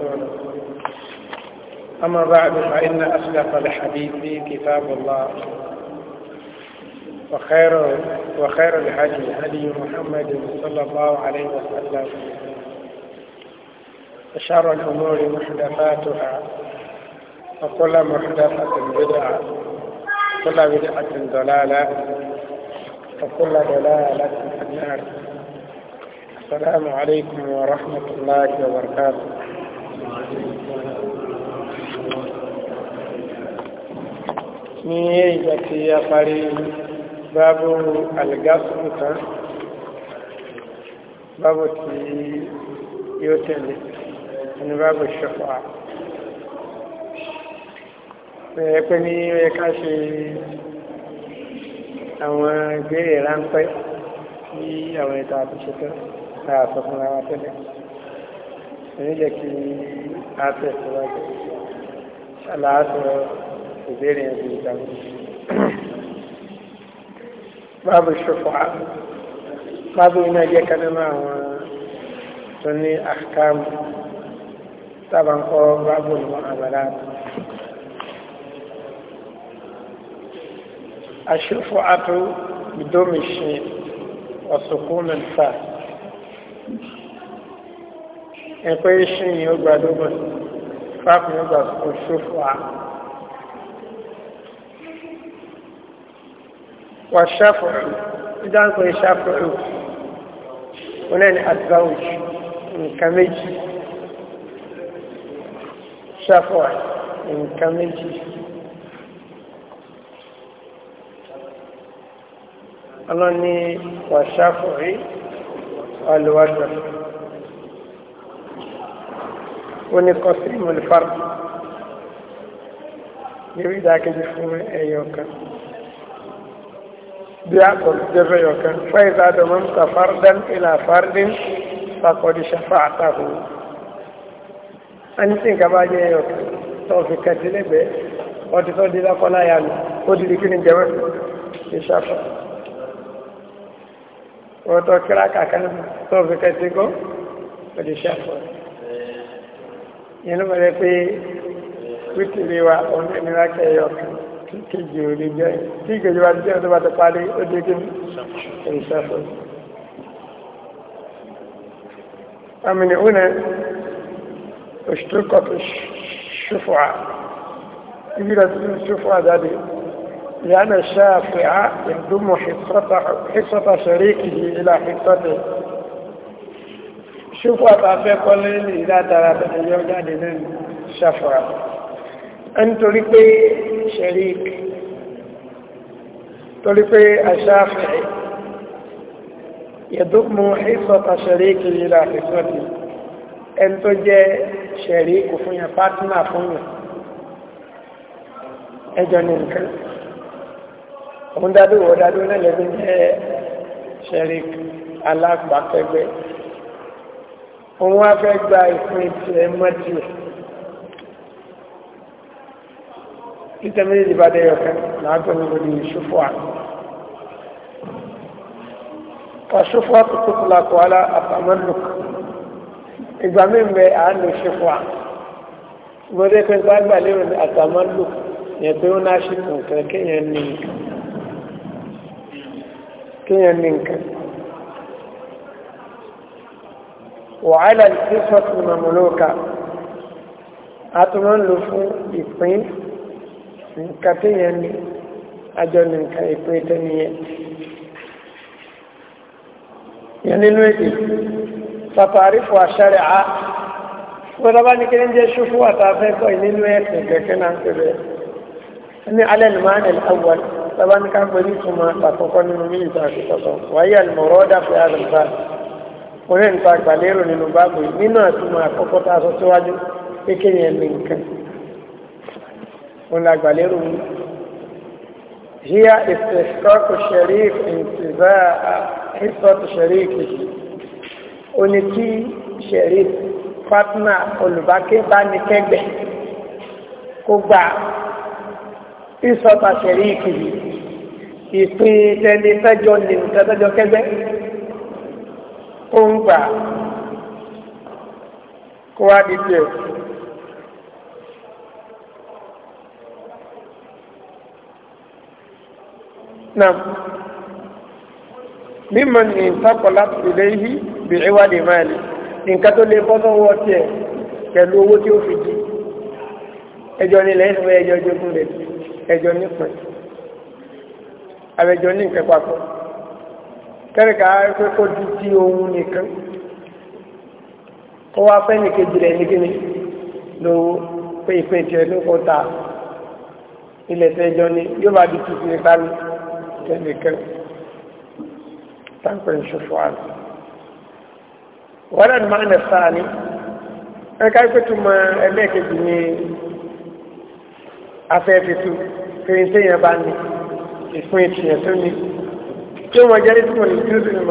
ورسوله أما بعد فإن أصدق الحديث كتاب الله وخير وخير الهدي هدي محمد صلى الله عليه وسلم وشر الأمور محدثاتها وكل محدثة بدعة وكل بدعة ضلالة وكل ضلالة في النار السلام عليكم ورحمة الله وبركاته ní ìgbà tí a parí báàbù alìgásùn tán báàbù tí yóò tẹ̀lé ní báàbù ṣọ́fà ẹ̀yẹ pé ní ẹ ká ṣe àwọn ìbéèrè ráńpẹ́ sí àwọn ìta àtúnṣe tán láàtọ̀ fún ara tẹ́lẹ̀ èyí jẹ́ kí a tẹ̀síwájú aláàtọ̀ ìbéèrè yẹn ti dá. báàbù ṣòfò á báàbù iná jẹ́ kan nínú àwọn tó ní àkàmù sábà ń kọ́ báàbù ìmọ̀ àbàdà. àṣòfò àtò bìdómi ṣe ọ̀sùnkún mẹ́ta ẹ̀pẹ́ ṣe yìí ó gbàdúgbò fáàkùn ó gbà ṣòfò àtò. wà ṣáfùrù ìdáǹkò ìṣáfùrù wọn náà ni advance nǹkan méjì ṣáfùrù nǹkan méjì ọlọ́ni wà ṣáfùrù alùwàdà wọn ni kọ́sìmù ní orí ìdákejì fún ẹ̀yọ̀ kan. بيأكل جرى وكان فإذا دممت فردا إلى فرد فقد شفعته أنت كما جاء توفي كتلي بي وتتو دي لقنا يعني ودي لكن جمع يشفع وتو كراكا كان توفي كتلي ودي شفع ينمى لكي wítìrí wa òun ní ìrìnàkẹ́ ẹ̀yọ̀ kan أمنعون اشتركوا في الشفعة كبيرة الشفعة ذلك لأن الشافع يضم حصة شريكه إلى حصته شفعة تعطيه كل إلى ثلاثة أيام ذلك الشفعة أنت لكي sharik torí pé aṣáfẹ́ yẹ̀dùnmù ìsọ̀tà sharik lílà ìsọ̀tì ẹn tó jẹ́ sharik fún yẹn pátínà fún yẹn ẹjọ́ ní nǹkan òun dádó wọ́n dádó náà lẹ́bí jẹ́ sharik alágbàkẹgbẹ́ òun wá fẹ́ gba ìpín tiẹ̀ mọ́tì rẹ̀ níta méjèèjì bá dé ọ̀kan làá tó gbogbo di ṣòfò à ọ̀ṣòfò àkókò tó la kọ́ ala àtàmọ́lùk ìgbà mi ń bẹ à ń lo ṣòfò à gbọdọ̀ pé nípa gbà lérò ní àtàmọ́lùk yẹn pé ó náà ṣe nǹkan kéèyàn ní nǹkan kéèyàn ní nǹkan. wàhálà ìṣèṣọ́ tó mọ̀mọ́lọ́ka a tún ń lò fún ìpín nǹkan téèyàn ní àjọ ní nǹkan ìpín tẹ́niyẹn yẹn nínú èdè tàtàrífò àṣàrẹ̀ á gbọ́dọ̀ bá ní kí ní jẹ́ ṣúfú àtàfẹ́kọ̀ nínú ẹ̀sìn kẹ̀kẹ́ náà ń pè bẹ́ẹ̀ ní alẹ́ lè máa nẹ̀lẹ́ àwọn tàbá ní ká pè ní ìtumọ̀ àkọ́kọ́ nínú mílíọ̀tà àkọ́kọ́ wáyé àlùmọ̀rọ̀ dàpọ̀ àlùbá orí nǹkan àgbàlérò nínú báàbò nínú àtúmọ̀ àkọ́kọ́ tá a síwájú kékeré ẹ̀mí nǹkan òun la gbà lérò wí. hiya ìfẹ̀sọ́kù sharif ìtìbá ìfẹ̀sọ́kù sharif ó ní kí sharif fatna olùbákẹ́ bá ní kẹ́gbẹ́ kó gba ìfẹ̀sọ́kù sharif ìpín tẹ́lẹ̀ náà mímọ ní ìtàkọ̀lá ìlé yìí bí ìwádìí máa lè nǹkan tó lè bọ́ sọ́wọ́ tiẹ̀ pẹ̀lú owó tí ó fi di ẹjọ́ nílẹ̀ ẹ̀sìn ẹjọ́ jogún rẹ̀ ẹjọ́ nípìn àwẹjọ́ ní nǹkan papọ̀ kẹ́ríkà pé kó di ti ohun nìkan kó wá fẹ́ nìkejì rẹ̀ nìkíni lówó pé ìpè tiẹ̀ ló kọ́ ta ilẹ̀ tẹ́jọ́ ni yóò bá di tuntun nípa mi tẹ́nìkan táǹkọ̀ ìṣòfò àná wọ́n lẹ́nu máa ń nẹ̀ sáà ní ẹ̀ka ìpẹ́tùmọ̀ ẹlẹ́ẹ̀kejì ní afẹ́fẹ́tù fèrèsẹ́yìn bá ní ìfún ìtìyàn tó ní tí wọ́n jẹ́ ìtumọ̀ ìjúzù ní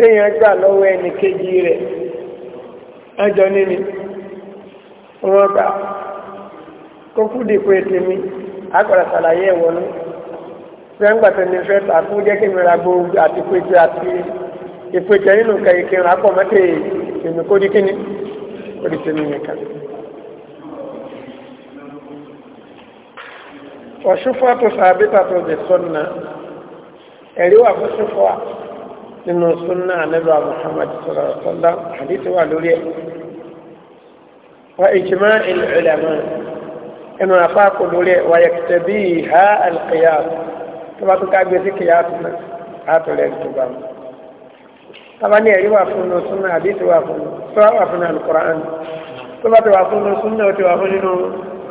téèyàn gbà lọ́wọ́ ẹnì kejì rẹ̀ ẹjọ́ níní wọn gbà kó kú dìpọ̀ ètè mi àgbàrá ṣàlàyé ẹ̀wọ̀ ní fẹ́ǹgbàtọ̀ ní fẹ́ tà fún jẹ́ kí mi ra gbogbo àti péjẹ àti ìpéjẹ nínú kẹ̀kẹ́ rà pọ̀ mọ́tẹ́ èmi kó di kíní kó di tèmi nìkan. ọ̀ṣùfọ́ tó sàbítà tó lè sọ́nà ẹ̀rí wà fún ṣùfọ́ à nínú súnà anábà muhammad sallallahu alaihi wa sallam hadith wà lórí ẹ̀ wa ijma al-ulama ẹnu àpapọ̀ lórí ẹ̀ wa yaktabiha al-qiyas tó bá tó ká gbé sí qiyas náà àtúrẹ̀ tó bá mu tabani ẹ̀rí wà fún un súnà hadith wà fún un sọ wà fún al-Qur'an tó bá ti wà fún un súnà ó ti wà fún nínú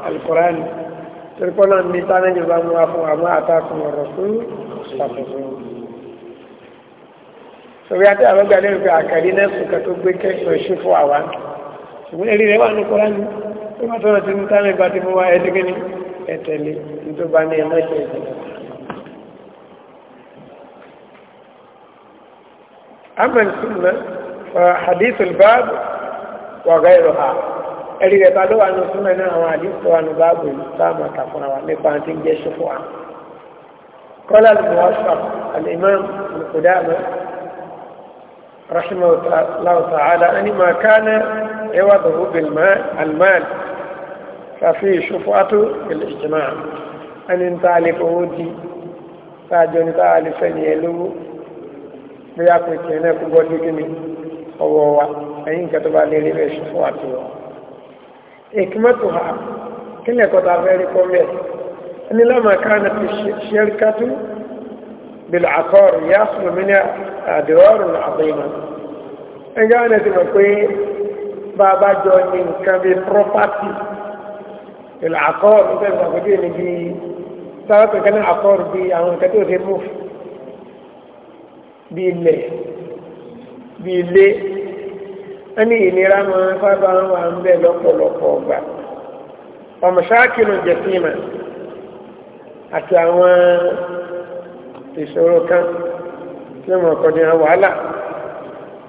al-Qur'an torí pọ́nà ní tánà yorùbá mú wa fún àwọn àtàkùn ọ̀rọ̀ fún ìṣàkóso sọ̀rọ̀ yàtọ̀ àwọn ọgbà lẹ́nu pé àkàrí náà kò kàtó gbé kẹ́kọ̀ọ́ ṣe fún àwa ṣùgbọ́n èrí rẹ̀ wà ní kọ́lá ní tó bá tọ́rọ tí ní tánà ìgbà tí mo wá ẹdígé ní ẹ̀tẹ̀lé tó bá ní ẹmọ́ ìṣẹ́ ìṣẹ́ أما السنة فحديث الباب وغيرها ẹ̀rí rẹ̀ bá ló wà ní súnmọ́ náà àwọn àdínkù wà ní báàbù ìsáàmù àtàkùnra wà رحمه الله تعالى أن ما كان عوضه بالمال ففي شفعة بالإجماع أن تعلف ودي تاجون تعلف يلو بيأكل كينا كبوتي كمي أووا أين كتب عليه بشفعة حكمتها كل كتاب عليكم أن لما كانت الشركة بالعقار يحصل منها أضرار عظيمة ẹgbẹ́ wọn ti mọ̀ pé bàbá jọ ní nǹkan bíi property ìlà àkọọ́rù bẹ́ẹ̀ ní àgbẹ̀dẹ́ ní bíi sáwọ́ kankan ní àkọọ́rù bíi àwọn nǹkan tó ṣe mú bíi ilẹ̀ bíi ilé wọ́n ní ìnira máa ń fábà wọn wà ń bẹ̀ lọ́pọ̀lọpọ̀ ọgbà ọmọ ṣáàkì ló jẹ fíìmà àti àwọn ìṣòro kan tí mo kọ́ ní wàhálà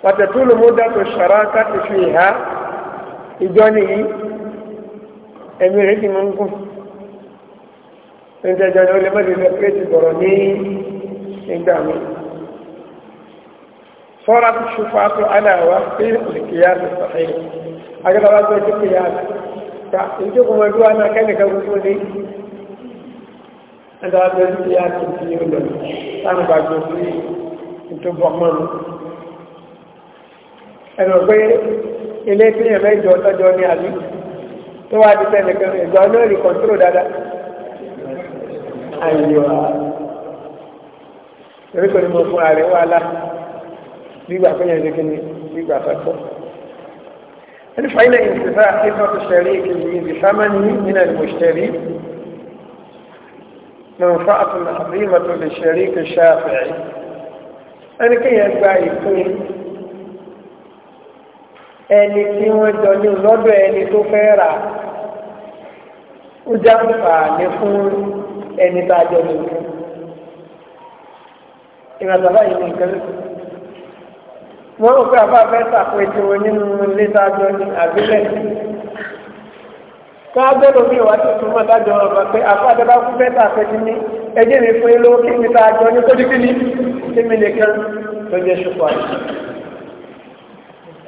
pàtẹ́tù ló mú dàtò ṣàrá káti fi ìhá ìjọ nìyí ẹ̀mí rẹ̀ ti mú ń kù níta ìjọ ni ó lè mọ́lẹ̀ lọ pé ti bọ̀rọ̀ ní ìgbà mi fọ́ra tó ṣùfà tó aláwa pé olùkìyà lè sọ̀rọ̀ agbẹ́ta wá gbé tó kìyà ta ìjókòó mọ́ ẹgbẹ́ wa náà kẹ́nìkan gbogbo ní ẹ̀dọ́ abẹ́ dúkìá ti fi ọlọ̀ láti gbàgbọ́ sí ìtòbọ̀ mọ́nu ẹ̀rọ pé ilé tí yẹn mẹ́jọ tọ́jọ́ ní àbí tó wá ti tẹ́lẹ̀ kan ìgbà náà rí kọ́ńtúrò dáadáa àyíwá torí kò ní mo fún ààrẹ wà lá gbígbà pé yẹn منفعة عظيمة للشريك الشافعي ẹni كي gba يكون ẹni tí wọ́n jọ ní lọ́dọ̀ ẹni tó fẹ́ rà ó jáfà ní fún ẹni tá a jọ ní ìpín ìrìnàjọba yìí ní nǹkan wọ́n rò pé àbá fẹ́ sàpèjì wọn nínú ilé tá a jọ ní àbílẹ̀ yìí káàbẹ̀ lómi ìwà tó tún mọ́ dájọ́ ọ̀rọ̀ pé àfáàdé bá fún mẹ́ta àfẹ́kí ní ẹjẹ́ mi fún ilé kí mi ta àjọ ní kójú kíní tí mi nìkan tó jẹ́ ṣùkọ́ àyè.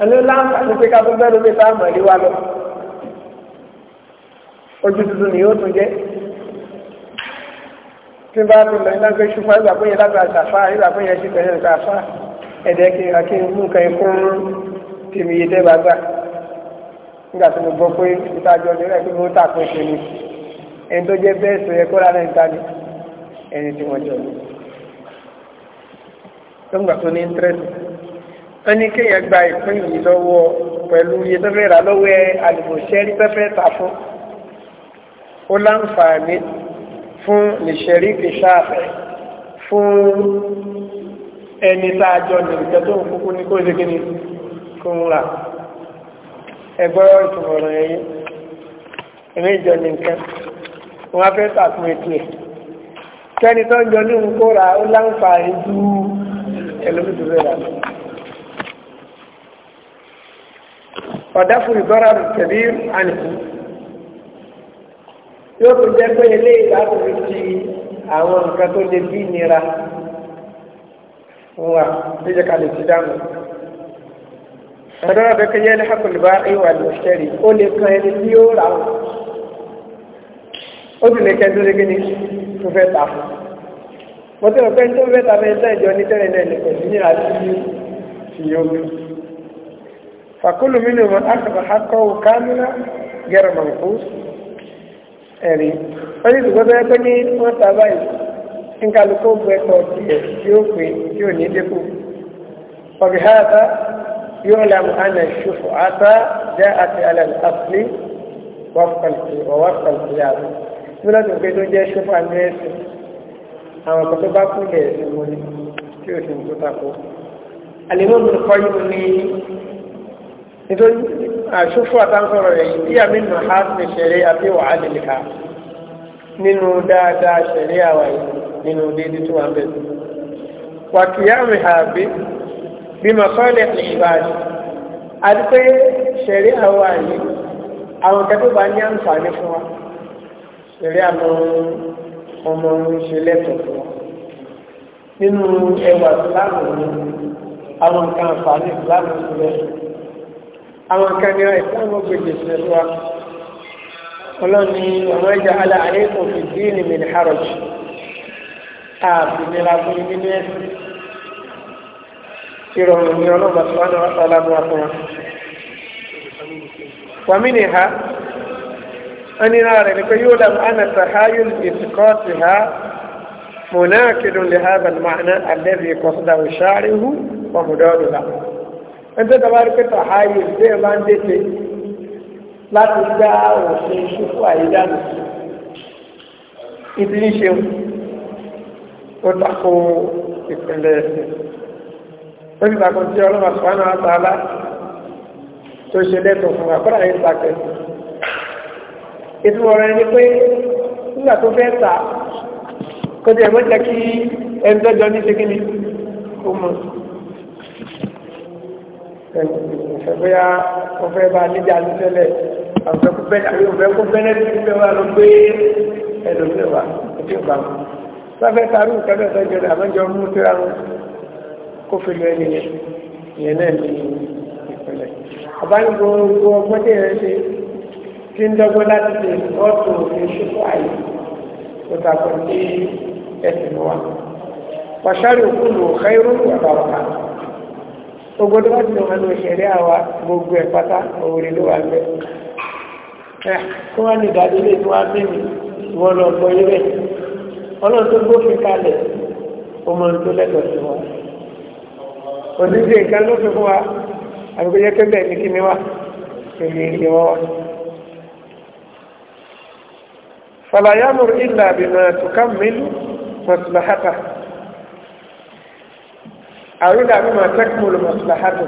ẹni láǹfààní pé káàbẹ̀ bẹ́ẹ̀ lómi ta àmọ̀ ìwà lọ. ojú tuntun ni yóò tún jẹ́. tí bá tún lọ iná pé ṣùkọ́ ìgbà fún yẹn lágbàá ṣàfà ìgbà fún yẹn ṣì nígbà tí mo gbọ́ pé ìtajọ ní rẹ̀ pé mo tà pé ni ẹni tó jẹ́ bẹ́ẹ̀ sọ yẹ kó rárá níta ni ẹni tí wọ́n jọ ní. tó ń gbà tó ní íńtírẹ́sì wọ́n ní kéèyàn gba ìpín yìí lọ́wọ́ pẹ̀lú iye tó fẹ́ rà lọ́wọ́ ẹ àlùmọ̀ṣẹ́rí tó fẹ́ tà fún ó láǹfààní fún lìṣẹ̀rí kìṣáàfẹ́ fún ẹni tá a jọ nìkan tó ń kúkú ní kó ṣe kí ni kó ń rà ẹgbọ́rọ̀ ìtumọ̀rọ̀ ẹ̀yẹ ẹ̀mí ìjọ ní nǹkan wọ́n á fẹ́ tàkùn ètò ẹ̀ kẹ́ni tó ń jọ ní nǹkó ra ó láǹfààní ju ẹlòmídùú rẹ̀ rà ọ̀dá fún ìgbọ́ra rẹ̀ tẹ̀lé ànìkú yóò tó jẹ́ pé ilé ìlàkùnrin ti àwọn nǹkan tó lè bí ìnira wà níjẹ́ ká lè ti dáhùn. ẹ̀rọ ọ̀dọ́kẹ́ yẹ́ lẹ́hàkùnlùbá ìwà lọ́ṣẹ́rì ó lè kan ẹni tí ó rà ó ó sì lè kẹ́ńtó lé kíni tó fẹ́ ta fún mo ti rò tó fẹ́ ta fẹ́ ní náà ní pẹ̀lú ní àti ti yóò fàkúlù ni wọn akọ̀bà akọ̀ kámínà gẹ̀rọ̀ ẹ̀rí ó ní ìdúgbò tó pé ní wọ́n ta báyìí nkàlùkò gbẹ̀kọ̀ tiẹ̀ tí يعلم أن الشفعة جاءت على الأصل وفق ووفق القياس nígbà tó gbé tó jẹ́ ṣọ́fà ní ẹ̀sìn àwọn ọ̀pọ̀ tó bá kún lè ẹ̀sìn mú ní tí ó sì ń tó tako alìmọ́mù kọ́ yìí ní nítorí àṣọ́fà àtàkọ̀rọ̀ rẹ̀ yìí àmì nà á ti ṣẹ̀rẹ̀ àti wàá lè ká nínú dáadáa ṣẹ̀rẹ̀ àwà yìí nínú déédéé tó wà ń bẹ̀ wà kìí àmì àbí bímọ kọ́lẹ̀ ní ìbàdàn àti pé ṣẹ̀rí àwọn àyè àwọn kẹ́kọ̀ọ́ bá ní àǹfààní fún wa ṣẹ̀rí àwọn ọmọ ń ṣe lẹ́tọ̀ọ́ fún wa nínú ẹwà ìsìláàmù ni àwọn nǹkan àǹfààní ìsìláàmù ti lẹ́ àwọn nǹkan ní ìsìláàmù ìrọ̀rùn ní ọlọ́gbà tó wánà wátàlá mú afọ́n wa mini ha ẹni náà rẹ̀ ní pé yóò dàm ánà sàháyùn ìsìkọ́ọ̀tì ha mùnáàkìdùn lè ha bàl màánà àlẹ́bí kọ́sídà òṣàríhù pọ̀mùdọ́rù la ẹni tó dábàá rí pé sàháyùn bẹ́ẹ̀ máa ń dẹ́tẹ̀ láti dá òfin ṣùkú àyídánù ìdí ṣeun ó takò ìpínlẹ̀ ẹ̀sìn ó ti takùn tí ọlọ́mà sọ́nà àtàlá tó ṣe lẹ́tọ̀ fún àkọ́rà yìí takẹ́ ìtumọ̀ rẹ̀ ni pé nígbà tó fẹ́ ta kó tiẹ̀ mọ́ jẹ́ kí ẹni tó jọ ní ṣe kí ni ó mọ̀ ìfẹ́fẹ́yà ọ̀fẹ́ bá níjà ní tẹ́lẹ̀ ọ̀fẹ́ kó bẹ́lẹ̀ tí ìfẹ́ wà ló gbé ẹlòmíràn wà ó ti gbà wọn. sáfẹ́ tarú kẹ́lẹ́ fẹ́ jẹ́ àmọ́jọ́ mú síra wọn kó fi lu ẹni yẹn ìyẹn náà ní ìpínlẹ̀ àbáyọ̀gbọ̀ gbogbo ọgbọ́n tí yẹn ṣe tí ń dọ́gbọ́n láti ṣe ọ̀tò òfin ṣùkú àyè tó tàbí ní ẹ̀sìn wa wàṣáré òkú lò xẹ́rù wàbà wà gbogbo tó bá ti lọ́wọ́ ní òṣèré àwa gbogbo ẹ̀ pátá òwúrẹ́ ló wà gbẹ kí wọ́n ní ìdájọ́ ilé tí wọ́n á mímì wọ́n lọ gbọ́ yé bẹ́ẹ̀ ọlọ́run tó gbófin kalẹ̀ ó mọ ohun tó oníṣe nǹkan ló fi fún wa àbíkó yẹ kébẹ̀ ní kí ni wá èmi ìyẹ wọn wá. fàlàyámù ìlà àbìnà tùkà mílù mọ̀sùláhátà àrùdà mi máa tẹ́kùmùlù mọ̀sùláhátà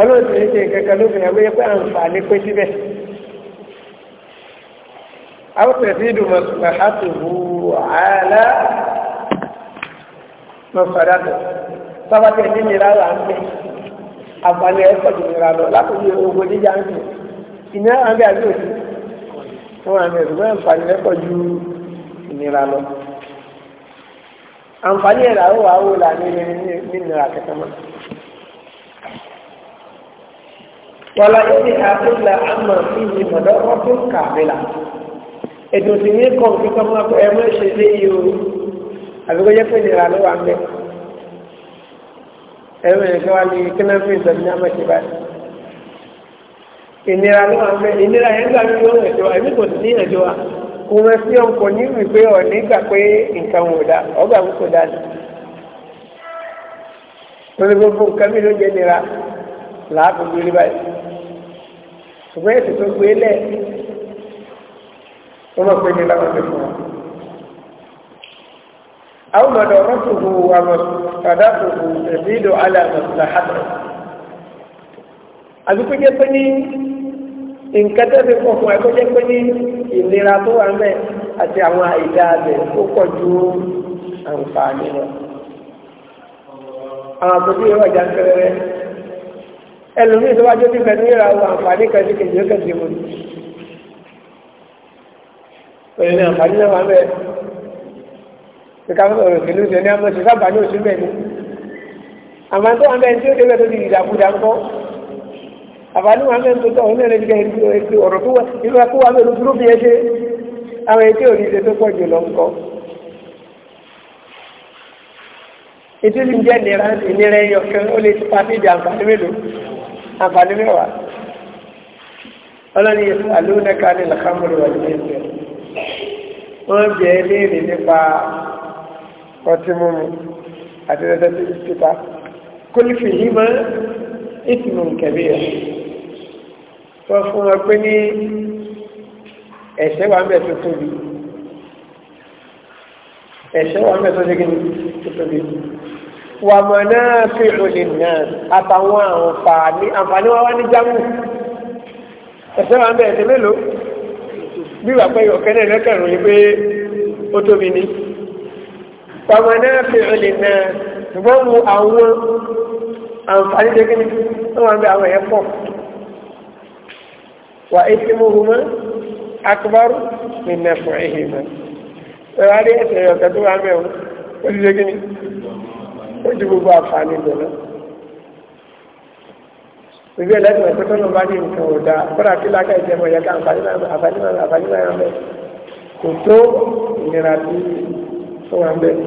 ọlọ́run ti ní ṣe nǹkan ló fi hàn bóyá àǹfààní pé síbẹ̀ أو تزيد مصلحته على مصلحته sábàtẹ̀ ní ìnira là ń bẹ àǹfààní ẹ̀ pọ̀jù ìnira lọ látòjú ogun jíjà ń sìn ìnira là ń bẹ àbí òsì fún àmì ẹ̀dùnmọ́ àǹfààní ẹ̀ pọ̀jù ìnira lọ. àǹfààní ẹ̀ làwọ̀ àwọ̀ là ní ìnira kẹta mọ́. wàlá ìdí àkúlà àmà fíjì mọ̀dọ́ ọdún kàmílà ètò ìsìn ní kọ̀ọ̀kì kọ́mọ́ ẹ̀mọ́ ìṣẹ̀lẹ̀ yìí o àbíkọ́jẹ́ pé ìnira ló wà ń bẹ́ẹ̀ ẹ̀rọ ẹ̀kọ́ wa ní kínáfì ìgbàgbé ní àmọ́ṣe báyìí. ìnira ló máa ń bẹ ìnira yẹn gbà mí yóò rìn jọ ẹ̀mí kò sí ní ìrìnàjò wa kò rẹ sí ọkọ̀ ní wípé ọ̀ní gbà pé nǹkan wò dá ọgbà wò kò dá ni. lórí gbogbo nǹkan mi ló jẹ́ nira làákùn lórí báyìí. ṣùgbọ́n ètò tó gbé lẹ̀ pé nira wọn ti fún wa. أو مدرته ومفسدته تزيد على مصلحته àdúgbò jẹ́ pé ní nǹkan tó fi pọ̀ fún ẹ kó jẹ́ pé ní ìlera tó wà mẹ́ àti àwọn àìdá abẹ ó pọ̀ ju àǹfààní lọ. àwọn àpòjú yóò wájà kẹrẹrẹ ẹlòmíì tó wájú fífẹ́ ní ìlera àwọn àǹfààní kan sí kejì ó kẹsì mu. pẹ̀lú àǹfààní náà wà mẹ́ẹ̀ kíkà sọ̀rọ̀ òṣèlú ìṣẹ̀lú àmọ́ ṣe sábà ní òṣù bẹ́ẹ̀ ni àmọ́ tó wọn bẹ́ẹ̀ tí ó débẹ̀ tó di ìdàkudà ńkọ́ àbálù wọn bẹ́ẹ̀ tó tọ̀ wọn lẹ́nu ìgbà ètò ọ̀rọ̀ tó wà nínú ẹkú wa lóru dúró bí ẹ ṣe àwọn ètò òní ṣe tó pọ̀ jù lọ ńkọ́. ètò ìlú jẹ́ ìnira ìnira ẹyọ kan ó lè pa sí ìdí àǹfààní mélòó àǹfààní mẹ́wàá ọlọ́ni àlóhùn náà ká ní làkàmúrò wà ní ẹgbẹ́ wọn bẹ̀ẹ́ léèrè nípa ọtí mímu àti ẹsẹ̀ títà kólífì yìí máa ìtìmù kẹ̀bí ẹ̀ tó fún wọn pé ní ẹ̀ṣẹ̀ wà mẹ́ tó tóbi ẹ̀ṣẹ̀ wà mẹ́ tó tóbi tó tóbi wà mọ̀ náà fi òlì náà àtàwọn àǹfààní àǹfààní wọn wá ní jámù ẹ̀ṣẹ̀ wà mẹ́ ẹ̀ṣẹ̀ mélòó bí wà pé ọ̀kẹ́ náà lẹ́kẹ̀rún yìí pé ó tóbi ní pàmò náà fi ìrìnlẹ̀ náà ṣùgbọ́n mu àwọn àǹfààní jẹ́ kíni wọ́n wà ń bẹ àwọn ẹ̀yẹ pọ̀ wà éṣe mú humọ́ akbar ní nẹ̀fọ̀ ẹ̀hìn mọ́ ẹ̀rọ adé ẹ̀sẹ̀ ọ̀kẹ́ tó wà ń bẹ ó ti jẹ́ kíni ó ju gbogbo àǹfààní bẹ̀ náà ìgbé ẹlẹ́sìn ẹ̀sẹ̀ tó bá ní nǹkan ò dáa kódà kí lákà ìjẹmọ̀ yẹ ká àǹfààní máa àǹfààní máa kò tó ìnira tó wà bẹ́ẹ̀.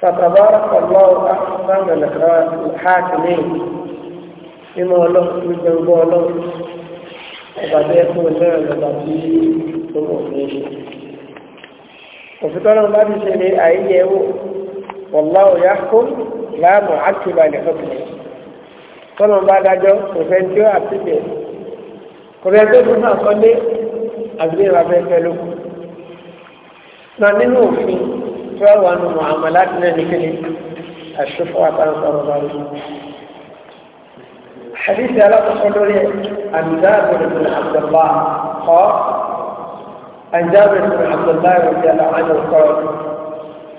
فتبارك الله أحسن الحاكمين nínú ọlọ́run tó jẹ́ ọgbọ́ ọlọ́run ọba bẹ́ẹ̀ fún ọlọ́run lọ́ba tí ó mọ̀ ní ṣe òfìtọ́ náà bá ti ṣe ní àyíyẹ wò wọ̀lá òyà sọ nínú òfin tí wọ́n wà nù muamalat náà nìkíni àṣùfọ́ àtàǹsọ̀rọ̀ lọ́rọ̀ حديث على تصدر عن جابر بن عبد الله قال عن جابر بن عبد الله رضي الله عنه قال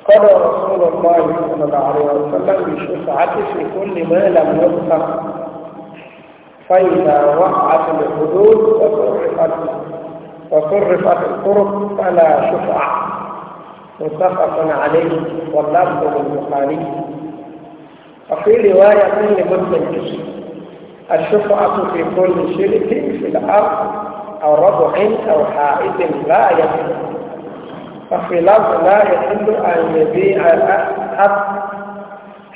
قال رسول الله صلى الله عليه وسلم بالشفعة في كل ما لم يذكر فإذا وقعت الحدود وصرفت وصرفت الطرق فلا شفعة متفق عليه واللفظ للبخاري وفي رواية لمسلم الشفعة في كل شرك في الأرض أو ربع أو حائط لا يحل وفي لفظ لا يحل أن يبيع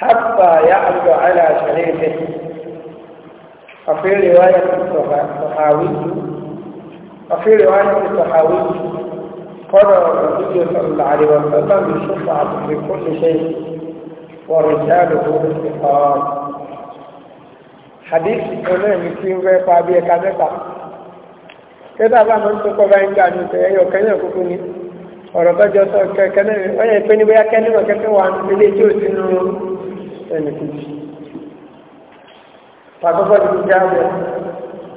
حتى يعرض على شريكه وفي رواية الطحاوي وفي رواية الطحاوي قرر النبي صلى الله عليه وسلم الشفعة في كل شيء ورجاله الاستقامة hadisi kan náà ní kí n fẹ́ pa bí ẹ̀ka mẹ́ta kẹta bá máa ń tó kọ́ báyìí ń gbà ní ìpẹ́ ẹyọ kẹ́yìn òkúkú ni ọ̀rọ̀ tọ́jọ́ sọ kẹ́kẹ́ náà ọyẹ pé ní bóyá kẹ́ni náà kẹ́kẹ́ wà ní ilé tí ó ti nu ẹnì kejì pàtọ́kọ́ ti jáde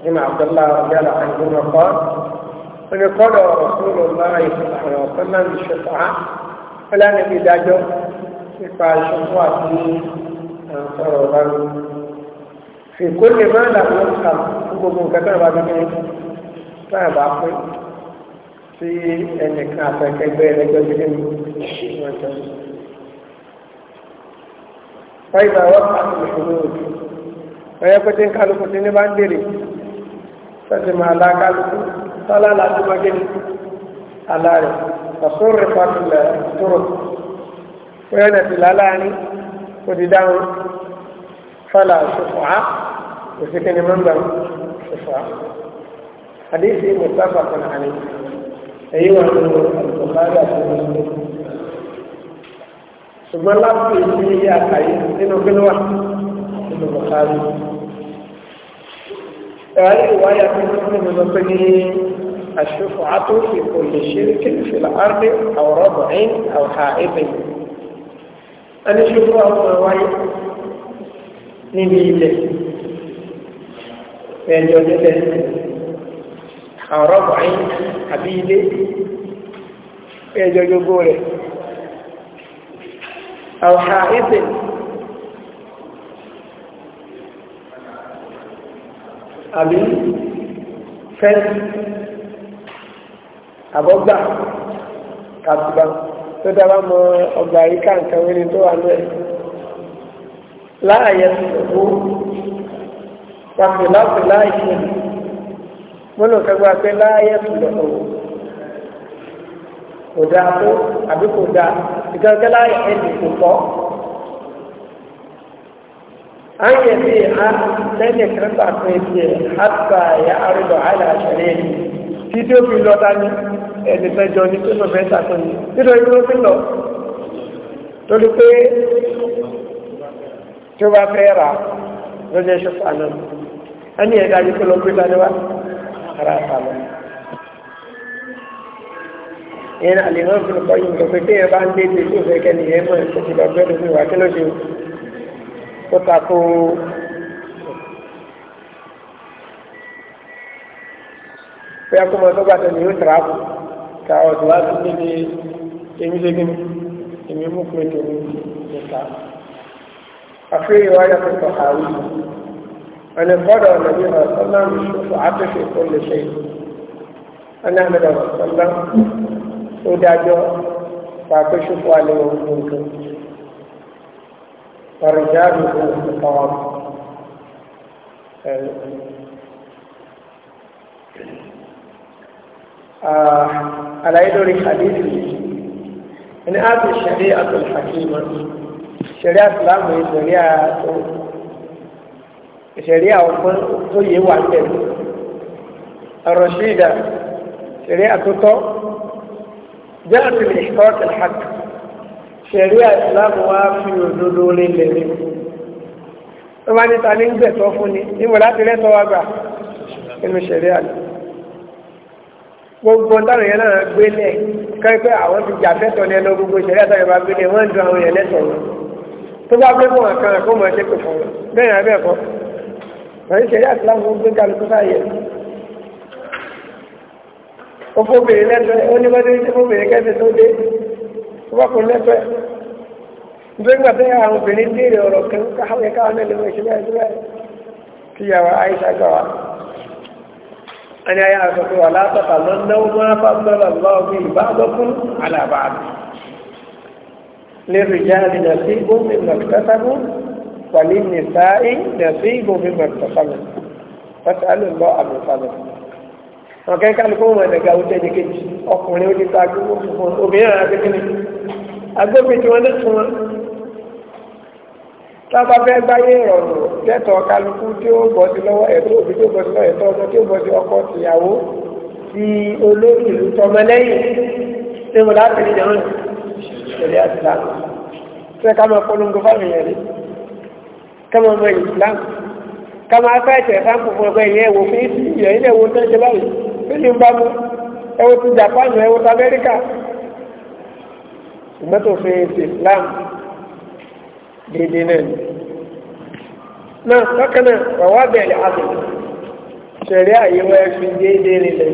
ní màá tọ́lá ọ̀gá làwọn ìgbìmọ̀ kọ́ ni kọ́lọ̀ Rasulullah ìfọ̀rọ̀ ọ̀sánná ní ṣẹ̀fà fúlànìbí dájọ́ nípa ṣùgbọ́n àti àǹsọ̀rọ̀ ọ̀bá mi. fèkó lè máa là wọ́n kà gbogbo nǹkan tó bá gbé tó bá pé tí ẹnìkan àfẹ́kẹ́gbẹ́ ẹlẹ́gbẹ́ gbé mi wọ́n jọ. wọ́n ìgbà wọ́n kà sí ìṣòro òdì wọ́n yẹ tí ń kálukú ti ní bá ń dèrè sọ́sì máa lá kálukú tálá láti máa gé ní aláàrẹ̀ ọ̀sọ́rẹ̀ pàtàkì tóró wẹ́n ẹ̀sìn láláàrin kò ti dáhùn fọ́là ṣùfọ́ á kò sí kíni mọ́ńgbà ṣùfọ́ á àdéhìí mùsàfà kan àní èyí wà nínú àlùkòkárì àti mùsùlùmí ṣùgbọ́n láti ìlú ilé àkàyé nínú kí ló wà nínú bùkárì ẹ̀rọ ìwáyà tó ń sọ pé ní الشفعة في كل شرك في الأرض أو رضع أو حائط أنا شفعة مواي نبيل من يعني جدد أو رضع حبيل يجوز يعني بوله أو حائط أبي فرد àbọ̀gbà kàtùbà tó dábàá mọ ọgbà yìí káǹkà wí ni tó wà lóye láàyè ìṣòwò wàpè láti láàyè mọ́nà kẹgbà pé láàyè ìṣòwò kò dáa tó àbí kò dáa ìkàkẹ́ láàyè ẹ̀dì kò tọ́ àyè bíi a lẹ́yìn kẹfà pé tiẹ̀ hàtà yà àrùbọ̀ àlàáṣẹ́ lẹ́yìn tí tí ó fi lọ ta ní ẹni mẹ́jọ ní tó sọ mẹ́ta tó ní nítorí tó fi lọ torí pé tí ó bá fẹ́ rà lọ́jọ́ ṣe fàánà ẹni ẹ̀dá yìí tó lọ pé ta ní wá ara fàánà ìyẹn àlèmọ́ fi kọ́ yìí nǹkan pé tí ẹ bá ń dé tí ó fẹ́ kẹ́ni ẹ̀ ẹ̀ bóyá kó mọ tó gbà tẹ̀lé yóò tẹ̀lé àpò ká ọ̀dùn wá sí níbi èmi ṣe gíní èmi mú pé tèmi nìta. àfihàn ìwádìí àti sọ̀kàwé ọ̀nà gbọ́dọ̀ ọ̀nà bí ọ̀nà sọ́lá ń ṣòfò àtúnṣe kó lè ṣe ọ̀nà àmì ọ̀nà sọ́lá ó dájọ́ pàtó ṣòfò àlẹ́ wọn fún un ورجال الخطاب àlàyé lórí hadith yìí ní àti ṣẹ̀rí àtọ̀lùfàkìmọ̀ ṣẹ̀rí àtìláàmù ìṣẹ̀rí àtọ̀ ṣẹ̀rí àwọn tó yé wà tẹ̀lé ọ̀rọ̀ ṣídà ṣẹ̀rí àtútọ́ jẹ́ àti lè ṣọ́ àtìláàmù ṣẹ̀rí àtìláàmù wá fi òdodo lélẹ̀ ní wọ́n bá níta ní gbẹ̀tọ́ fún ni níbo láti rẹ́tọ́ wá gbà nínú ṣẹ̀rí àtìláàmù gbogbo táwọn yẹn náà gbélé kẹ́kẹ́ àwọn ti jà fẹ́tọ̀ ní ẹnu gbogbo ìṣẹ̀lẹ̀ àtàwọn gbélé wọ́n ń dun àwọn yẹn lẹ́tọ̀ wọn tó bá gbé fún àkàn kó mọ̀ ṣe pè fún wọn bẹ́ẹ̀ náà bẹ́ẹ̀ wọ́n ń ṣẹ̀lẹ̀ àti láwọn gbé kálukú tó obìnrin ẹni ayé àgbẹ̀kọ̀ wà látọ̀tà lọ náwó máa bá bẹ́rẹ̀ lọ́wọ́ bí ìbádọ́kún alábàádì lérò jáde nà sí gómìn mọ̀tẹ́sàbù wàlí nìsáì nà sí gómìn mọ̀tẹ́sàbù pẹ̀sẹ̀ alùlọ àbùsàbù. wọn kálukú wọn ẹ̀dẹ̀gà oúnjẹ ní kejì ọkùnrin ó agbóhùn obìnrin àti agbóhùn lẹ́tọ̀ọ́ kálukú tí ó bọ́ sí lọ́wọ́ ẹ̀tọ́ òbí tó bọ́ sí lọ́wọ́ ẹ̀tọ́ ọmọ tí ó bọ́ sí ọkọ tìyàwó ti olórí ìlú tọmọ lẹ́yìn tí mo láti rí jẹun ìṣẹ̀lẹ̀ àti ìlànà tí ká máa polongo fáwọn èèyàn rí ká máa mọ ìsìlámù ká máa fẹ́ ẹ̀tẹ̀ sáǹpù fún ọgbẹ́ ìyẹn ẹ̀wò fún ìsìn ìyẹn ilé ẹ̀wò tó ń ṣe báyìí tó ní ń bá mú ẹ̀wò ti Japan ẹ̀wò ti Amẹ́ríkà ìgbẹ́tòfin ìsìlámù déédéé náà náà bákan náà wàwá bẹ̀rẹ̀ àbẹ̀ ṣẹ̀rí àyẹ̀wò ẹ̀fìn déédéé nílẹ̀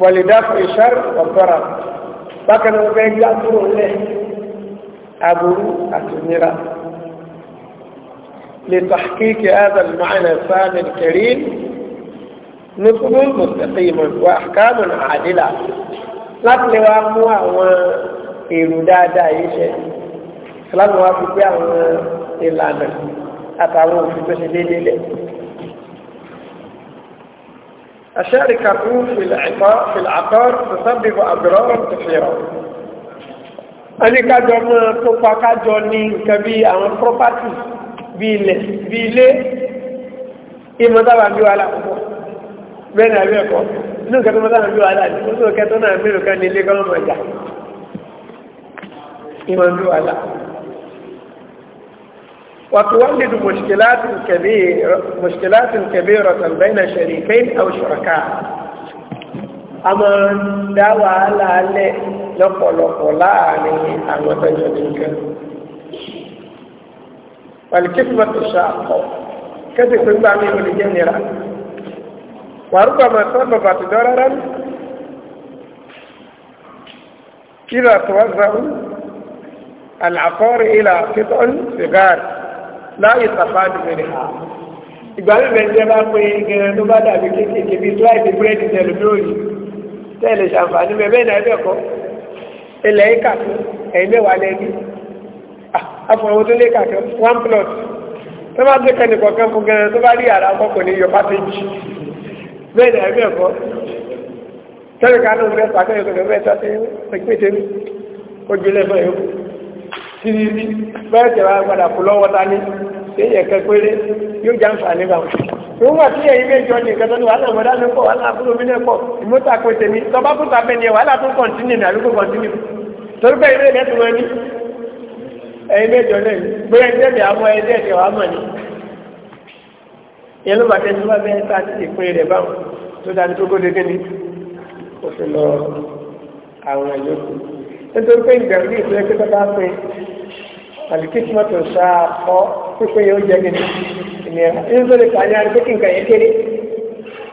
wàlìdá fún ìṣàr ọ̀tọ́ra bákan náà bẹ́ẹ̀ gbá kúrò lẹ̀ aburú àtúnyẹra lè tàkíkì ádàl màánà sáàmì kẹrin ní kúrò mùsùlùmí wà káàmù àdìlà láti lè wá mú àwọn èrò dáadáa yìí ṣẹ́yìn. islam wa fi pé àwọn ìlànà àtàwọn òfin tó ṣe déédéé lẹ̀. الشركة في العقار في العقار تسبب أضرارا كثيرة ẹni kájọ mọ́ kópa kájọ ní nǹkan bí àwọn property bí ilẹ̀ bí ilé ìmọ̀tàbà bí wàhálà púpọ̀ bẹ́ẹ̀ ni àbí ẹ̀kọ́ inú kẹtọ́ mọ́tàbà bí wàhálà ní oṣù kẹtọ́ náà mélòó kan ní ilé gọ́ọ̀mọ̀ ìjà ìmọ̀ bí wàhálà وتولد مشكلات كبيرة مشكلات كبيرة بين شريكين أو شركاء أما دعوة على اللي لقلق لا عليه يعني أما تجدك والكسبة الشاقة كذب بعمل لجنرا وربما سببت ضررا إذا توزع العقار إلى قطع صغار láàyè sàfáàdì mẹ́rin ha ìgbà mi bẹ̀ ń jẹ́ bá pé gẹ̀rẹ́ ló bá dàbí kéékèèké bíi sláìsì búrẹ́dì tẹ̀lé lórí tẹ̀lé ṣàǹfààní bẹ́ẹ̀ bẹ́ẹ̀ náà bẹ́ẹ̀ kọ́ ilẹ̀ ìkà ẹ̀yìn mẹ́wàá lẹ́ni afọ̀wọ́ tó lé kàkẹ́ one plot tó bá gbé kẹ́ni kọ̀ọ̀kan fún gẹ̀rẹ́ tó bá rí àrà ọkọ̀ kò ní yọ pásíjì bẹ́ẹ̀ náà bẹ́ẹ̀ kọ́ tẹ́lẹ̀ kanú kiri bí bẹ́ẹ̀ tẹ̀wá padà kú lọ́wọ́ ta ní ṣéyẹ kẹpẹrẹ yóò já ń fà nígbà wọn. ìwọ́n wà tí ẹ̀yin méjọ ní ìkẹtọ́ ní wàhálà ìmọ̀dá ló pọ̀ wàhálà àbúrò mi náà pọ̀ ìmọ̀tà pé tèmi tọ́ba kú ta bẹ́ẹ̀ ni wàhálà tó kọ̀ntínì ní àdúgbò kọ̀ntínì torí bẹ́ẹ̀ ilé ìlẹ́tù wọn ní ẹ̀yin méjọ náà bóyá ẹ̀jẹ̀ mi àwọn ẹ̀jẹ̀ ẹ̀jẹ̀ wàá mọ̀ ni. ìyẹn ló bá tẹ́ sọ́wọ́ bẹ́ẹ̀ sá sí ìpín rẹ̀ báwọn tó dáa tó kó dédé ni kó fi lọ àwọn ẹ̀yọ́kù nítorí pé ìgbà alikisima tó sáà kọ́ pípé yóò jẹ́ gidi ìnira ní tó lè kàní àti kí nǹkan yẹn kéré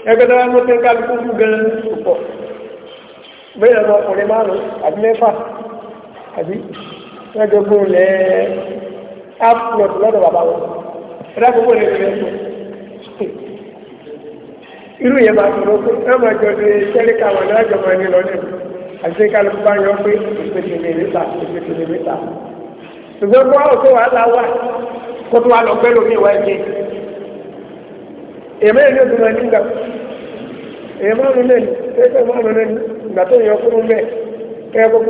ẹgbẹ́ tó bá mú tó kálukú fún gan púpọ̀ bẹ́ẹ̀ lọ́wọ́ ọkùnrin márùn-ún àbí mẹ́fà àbí lọ́jọ́ gbóhùn lẹ́ ápùlọ̀tù lọ́dọ̀ bàbá wọn ẹ̀dá gbogbo rẹ̀ lè lẹ́kọ̀ọ́ irú yẹn máa sọ̀rọ̀ pé ẹ máa jọ di sẹ́ríkà wọn lájọ máa ní lọ́dẹ̀ àti kálukú bá yọ pé òṣèlú mi níta òṣèlú mi níta ṣùgbọ́n kó tó wàhálà wà kó tó wà lọ pẹ́ lómi ìwà ẹ̀jẹ̀ èmi èmi ò dùnmọ̀ nígbà èmi máa ń lò lẹ́nu tẹ́tẹ́ máa ń lẹ́nu ìgbà tó yọ kúrú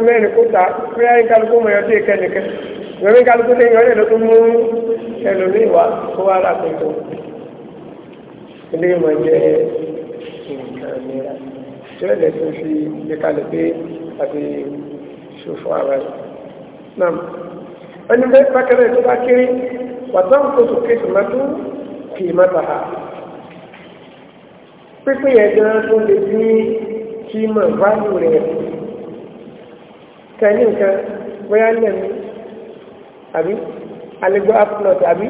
mẹ́rin ta ayé kálukú mọ̀ kẹ́nìkẹ́ kálukú mú ìwà kó wà ẹni bẹ́ẹ̀ pàkẹ́rẹ́ tó bá kéré wàtán kó tó kéṣù mẹ́tò kì í mẹ́ta ha pípín yẹn gan tó lè ní kí mọ̀ báyìí rẹ̀ kẹ́ni nǹkan bóyá lẹ́nu àbí alẹ́gbọ́ apnọt àbí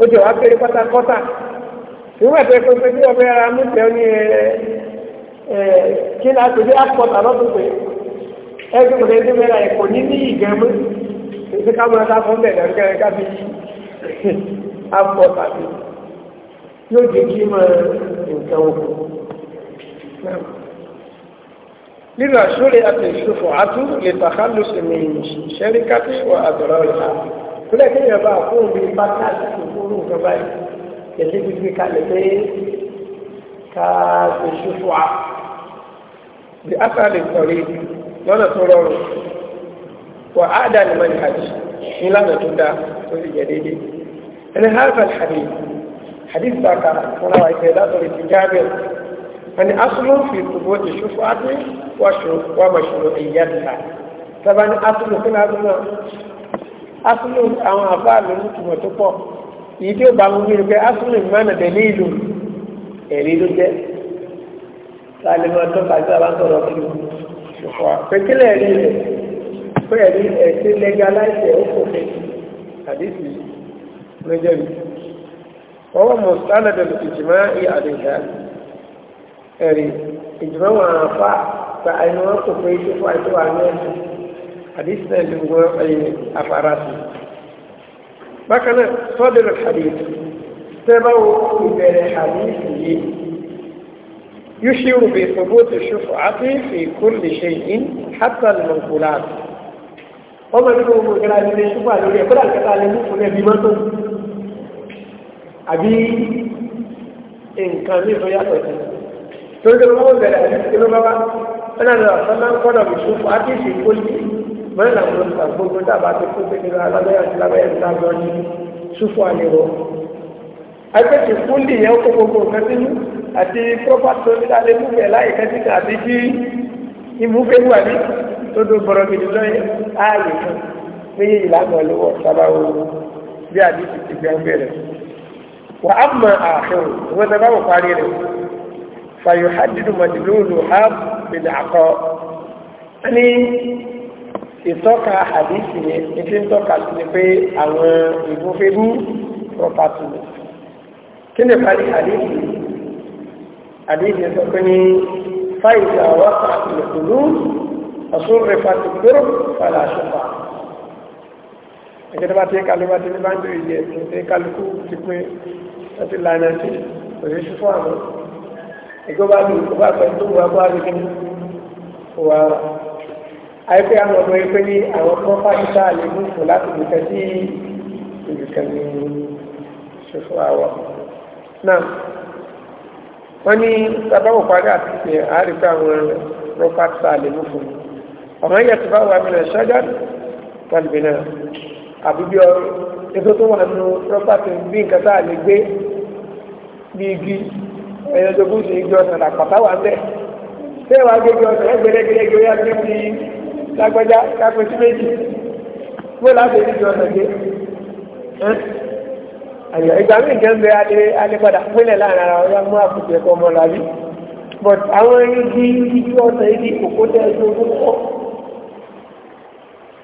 ó jẹ́ wá kéré pátákọ́tà nígbà tó yẹ kó pé bí ọmọ ẹ̀rọ amúṣẹ́ ní kí ni a pè ní apọ̀t àlọ́dún pé ẹgbẹ́ mọ̀lẹ́dẹ́gbẹ́ra ẹ̀kọ́ ní ní ìgbẹ́mú èsì ká máa sáfọ́ bẹ̀rẹ̀ kẹ́rẹ́ káfí afọ yóò jẹ́ kí máa nǹkan oko. lílo àṣúrẹ́ àti ìṣòfò àtú lè tàkálù sí mi ṣẹ́rí káfí wà àtọ̀rọ̀ ìta kúlẹ̀ kí èèyàn bá fún mi bá káàsì tó nǹkan báyìí tẹ̀lé gbígbé kalẹ̀ pé káàsì ìṣòfò à bí àtàlẹ̀ sọ̀rọ̀ lọ́nà tó rọrùn wà á dà ní manhaj nílànà tó dá tó sì jẹ déédéé ẹni hafal hadith hadith baka wọn àwọn ìfẹ́ fi kúbọ̀ ti ṣùfọ́ àti wa mọ̀ṣùlù ìyàdìlá sábà ní asúlù fún asúlù asúlù àwọn àfáàlù ní tùmọ̀ tó pọ̀ yìí tí ó bá mú bẹ́ẹ̀ ni ẹ̀sìn lẹ́gàláìsẹ̀ ó kò fẹ́ àdéhùn lọ́jọ́ mi. ọwọ́ mọ̀sálà dẹ̀lù ìjìmọ́ ìyàdẹ̀dà ẹ̀rí ìjìmọ́ wọn àfà gba ẹni wọn kò fẹ́ tó fà tó wà ẹ̀sìn àdéhùn náà ló wọ ẹ̀yìn afárá sí. bákan náà sọ́dẹ̀lù àdéhùn sẹ́báwo ìbẹ̀rẹ̀ àdéhùn yìí يشير بثبوت الشفعة في كل شيء حتى المنقولات ọmọ ìlú gbogbo ìgbẹ́ra ilé ṣúgbà lórí ẹ̀kọ́ láìkẹta lè mú fún ẹbí mọ́tò àbí nǹkan ní ìfọ́ yàtọ̀ sí torí tó lọ́wọ́ bẹ̀rẹ̀ àti ìṣẹ́ lọ́wọ́ bá ẹ̀nà lọ sọ́nà kọ́nà bí ṣú fún àti ìṣẹ́ kó ní mọ́rin làwọn olùkà gbogbo dábàá tó kó pépé lọ alábẹ́yà àti lábẹ́yà ti lábẹ́ ọdún ṣú fún àlèrò agbẹ́sì fún ìyẹn kó gbogbo nǹkan sínú àti property tó ní tó dó bọ̀rọ̀ gidi lọ́yẹ̀ ààyè kan méjèèjì láàmú ọlọ́wọ́ sábà wo bí àdìsí ti gbẹ́ ń bẹ̀rẹ̀ wà á mọ ààfin ìwé tó bá wọ̀ parí rẹ̀ fàyò hadidu madilulu ha bìnnà àkọ́ ẹni ìtọ́ka àdìsí yẹn ètò ìtọ́ka sí ni pé àwọn ìfúnfẹ́bú rọ́pàtù kí ni parí àdìsí àdìsí sọ pé ní fáìlì àwọn àkàtúntò lóòrùn ọ̀sọ́rẹ̀fàtì gbẹ́rù fàlà ṣọ́fà ẹgbẹ́ bá tí kálùkù ti ní báńdì ìyẹ̀ tí kálùkù ti pé láti lànà sí òṣè ṣúfọ́ àmọ́ ẹgbẹ́ bá lù kó bá pẹ̀lú wà bá rí kí wà rà àìpẹ́ àwọn ọmọ ẹgbẹ́ ní àwọn ọmọ pàṣípà lè mú fún láti bùkẹ́ sí ìbùkẹ́ ní ṣúfọ́ àwọ̀ náà wọ́n ní sábà wò padà àti ìṣe àárẹ̀ pé àwọn rọ́pàtà lè mú fún mi ọ̀rọ̀ yẹ ti bá wà mílẹ̀ ṣájà tàbí náà àbí bí ọrọ̀ ètò tó wà nù property bí nǹkan tá a lè gbé bí igi ẹ̀yọ́ tó gúúsù igi ọ̀sán àpàtà wà ń bẹ̀ ṣé wàá gbé igi ọ̀sán ẹgbẹ̀rẹ̀gbẹ̀rẹ̀ igi ọ̀yá tó ti lágbájá kápẹ́ sí méjì bó láti igi ọ̀sán gbé àyọ̀ ìgbà mí nǹkan bẹ alẹ́padà pínlẹ̀ láàrin ara ọ̀yá mú àkùtì ẹ̀kọ́ ọmọ làbí but àwọn igi igi ọ̀sán igi kòkó tẹ́ ẹgbẹ́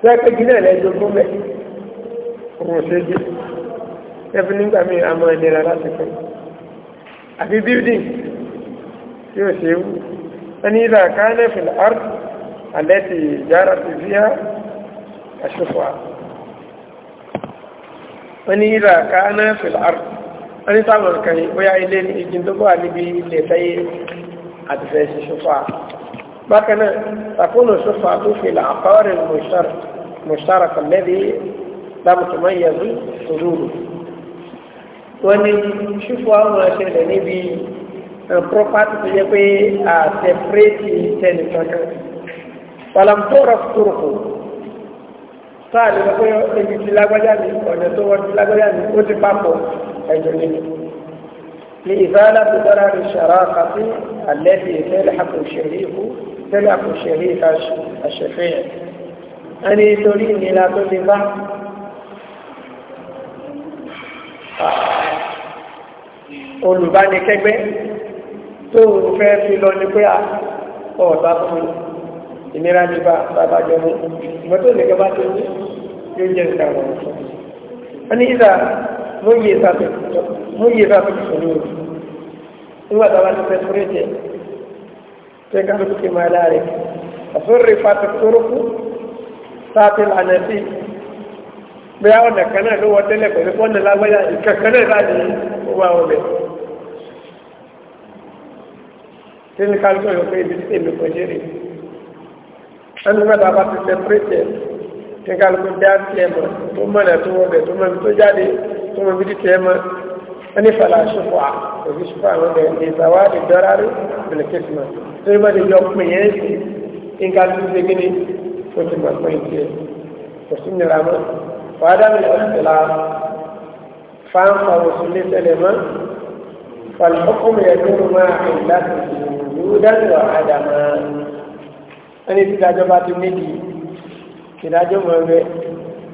pẹ́ẹ́pẹ́ jí náà lẹ́jọ́ fún mẹ́ òun ṣe jẹ́ ẹbí nígbà míì àmọ́ ìnira láti fún àbí bíldìn tí ó ṣe wú ẹni ìlà káálẹ̀ fìlà art àlẹ́tì yára ti fi há àṣùfà ẹni ìlà káálẹ̀ fìlà art ẹni táwọn kan yìí bóyá ilé ní ìjìn tó bọ́ níbi ilẹ̀ táyé àti fẹ́ ṣe ṣùfà bákan náà takúnù ṣùfà tó fi làkọ́rin mọ̀ṣọ́rọ̀ المشترك الذي لم تميز حدوده wọ́n ṣùfù àwọn aṣẹlẹ̀ níbi property tó yẹ pé a separate tẹ́lẹ̀ kankan palamtora turku sáà lè pé ibi ti lágbájá ní ọ̀nà tó wọ́n ti lágbájá ní ó ti papọ̀ ẹ̀jọ̀ nínú ní ìfẹ́lá tó dára rí ṣàrá kàtí àlẹ́bí tẹ́lẹ̀ àpòṣẹ̀rí ìfú tẹ́lẹ̀ àpòṣẹ̀rí ìfà yẹn ẹni torí ìnira tó ti bá olùbánikẹ́gbẹ́ tó fẹ́ fi lọ ní pé ọ̀tá fún ìnira ní bàbá jọ mú ìgbẹ́ tó lè gẹ́bá tó ní yóò jẹ́ nǹkan wọn wọ́n ní ìdá múyè ìsàtòkùn ní òkú nígbà tó bá ti fẹ́ fúrẹ́jẹ̀ tẹ́ká lókè máa láàrin àfúrẹ́fà sáàpì lànà sí pé ọ̀nà kan náà ló wọ tẹ́lẹ̀ pẹ̀lú pọ́nà lágbáyà ìkẹ̀kẹ́ náà bá ní wà ọ̀bẹ̀ tí ní kálukọ̀ yóò pé ibi tí èmi kò jẹ́rè ẹni mẹ́ta bá ti sẹpẹ́rẹ́tẹ̀ tí ní kálukọ̀ dá tiẹ̀ mọ̀ tó mọ̀nà tó wọ̀bẹ̀ tó mọ̀ tó jáde tó mọ̀ bí tiẹ̀ mọ̀ ẹni fàlà ṣùfọ̀ à òbí ṣùfọ̀ àwọn ọ̀bẹ̀ ìgbàwá ìdọ́rárí bìlẹ̀kẹ́sìmọ̀ tó yẹ tó ti mọ̀ pé ìdíyẹ kò sí nira mọ́ wàhálà mi ò sì la fáńfà oṣù lé tẹ́lẹ̀ mọ́ fàlùfọ́kùnmí ẹ̀dúnrún máa rìn láti ìlú dánilọ̀ àdàmà ẹni tí dájọ́ bá ti méjì ìdájọ́ mọ̀ ẹgbẹ́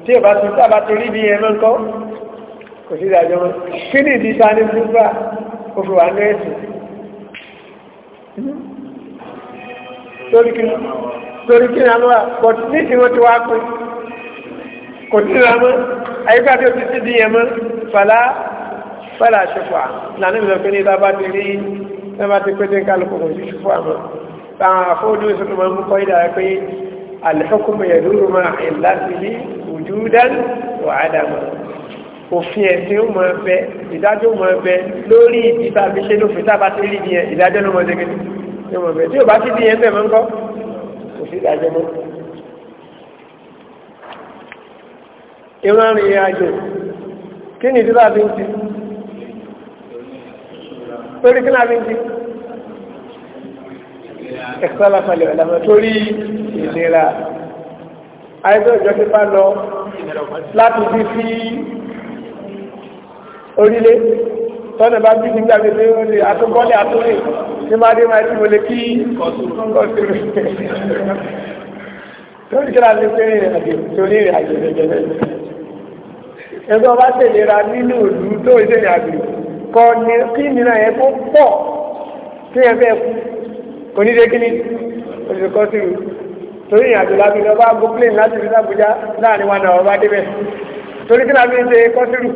tí ìbá ti sábà ti rí bí ẹmọ́ ńkọ́ kò sí ìdájọ́ mọ́ kí ni ìdí ta ní fúnfà ó fi wà ní ẹ̀sìn lórí kí ni torí kí ni a lọ́wọ́ but ní ìsìn wọn ti wá pín kò sí ra mọ́ àyíká tó ti ti di yẹn mọ́ fàlà fàlà ṣùfà lànà ìlọ pé ní ìdábà ti rí ìdábà ti pété ń kálukú kò sí ṣùfà mọ́ táwọn afọ́jú ìṣòro máa ń mú kọ́ ìdára pé alhukumu yaduru ma ìlàsìlì wujudan wa adama òfin ẹ̀sìn ó mọ̀ ẹ̀fẹ́ ìdájọ́ mọ̀ ẹ̀fẹ́ lórí ìtàbíṣẹ́ lófin tábà ti rí ìdájọ́ ló mọ̀ ẹ̀fẹ́ tí ó bá ti di ẹ̀fẹ́ mọ́ ń kọ́ sí ìdájọ́ mọ́ ìran rìn kí ni ìdílé àbí ń ti torí kí ni àbí ń ti ẹ̀kọ́ aláfàlẹ̀ ọ̀làmọ̀ torí ìlera àìsàn ìjọ tí bá lọ láti bí sí orílẹ̀ tọ́nà bá bí nígbà gbogbo orílẹ̀ àtúgbọ́lẹ̀ àtúrẹ̀ ní máa dé máa tí mo lè kí kọ́sùrù torí kíra ní pé ìrìnàjò torí ìrìnàjò jẹjẹrẹ ẹgbẹ́ ọba tẹ̀lera nínú ìlú tó ìṣe ìrìnàjò kọ ní kí nínú ẹ̀ kó pọ̀ tí ẹ bẹ́ẹ̀ kú oníṣẹ́ kí ni oṣù kọ́sùrù torí ìrìnàjò láti lọ bá gbó plane láti fi sábùjá láàrin wa náà ọba débẹ̀ torí kíra ní ṣe kọ́sùrù